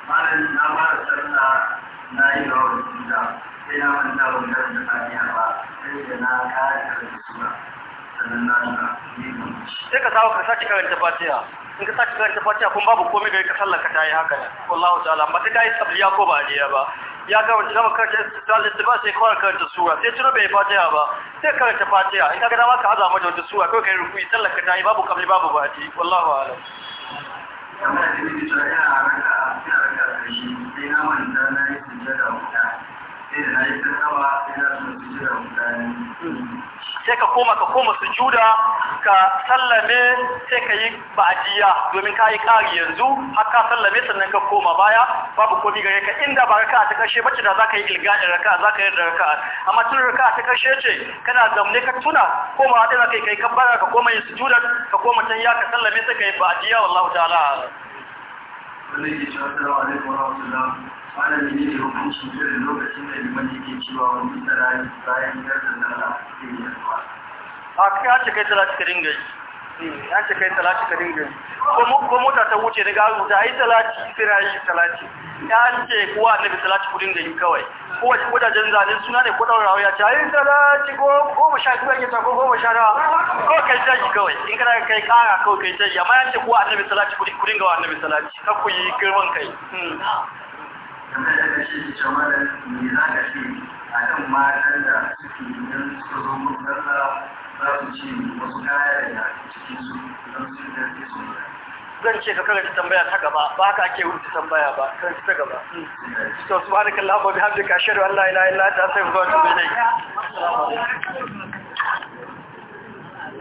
malam na fara sarka na yi rawar jiza sai na manta wanda karanta fatiha ba sai da na kare karanta sura sannan na sura sai ka sawo ka sake karanta fatiha in ka sake karanta fatiha kuma babu komai da ka sallaka ta yi haka ne wallahu ta'ala ba ta kai tabliya ko ba aliya ba ya ga wanda zama karanta da ba sai kawai karanta sura sai tuna bai fatiha ba sai karanta fatiha in ka kaga dama ka azama da wata sura kawai kai rukuyi sallaka ta yi babu kabli babu bati wallahu a'lam sai ka koma ka koma sujuda ka sallame sai ka yi ba'adiyya domin ka yi ƙari yanzu haka ka sallame sannan ka koma baya babu komi gare ka inda ba raka'a ta karshe bace da zaka yi ilga'i raka'a zaka yi raka'a amma tun raka'a ta karshe ce kana zamne ka tuna koma da zaka yi kai kabbara ka koma yin sujuda ka koma can ya ka sallame sai ka yi ba'adiyya wallahu ta'ala wa rahmatullahi malam ne ne hukunci irin lokacin da liman yake cewa wani tsara bayan yarda sallah sai ya fara a kai an ce kai salati ka dinga yi eh, an ce kai salati ka dinga yi ko mota ta wuce daga azu da yi salati sai na yi salati ya an ce kowa annabi salati ku dinga yi kawai ko wace wajajen zane suna ne ko daura ya ce ayi salati ko goma sha biyu ake ta ko goma sha nawa ko kai sai kawai in kana kai kara kawai kai sai amma ya ce kowa annabi salati ku dinga wa annabi salati kar ku yi girman kai hmm. kamar da ka shi cewa malam me za ka ce a kan matan da suke idan suka zo mun za su ce wasu kaya da cikin su don su da ke so zan ce ka karanta tambaya ta gaba ba haka ake wuce tambaya ba karanta ta gaba to subhanakallah wa bihamdika ashhadu an la ilaha illa anta astaghfiruka wa atubu ilayk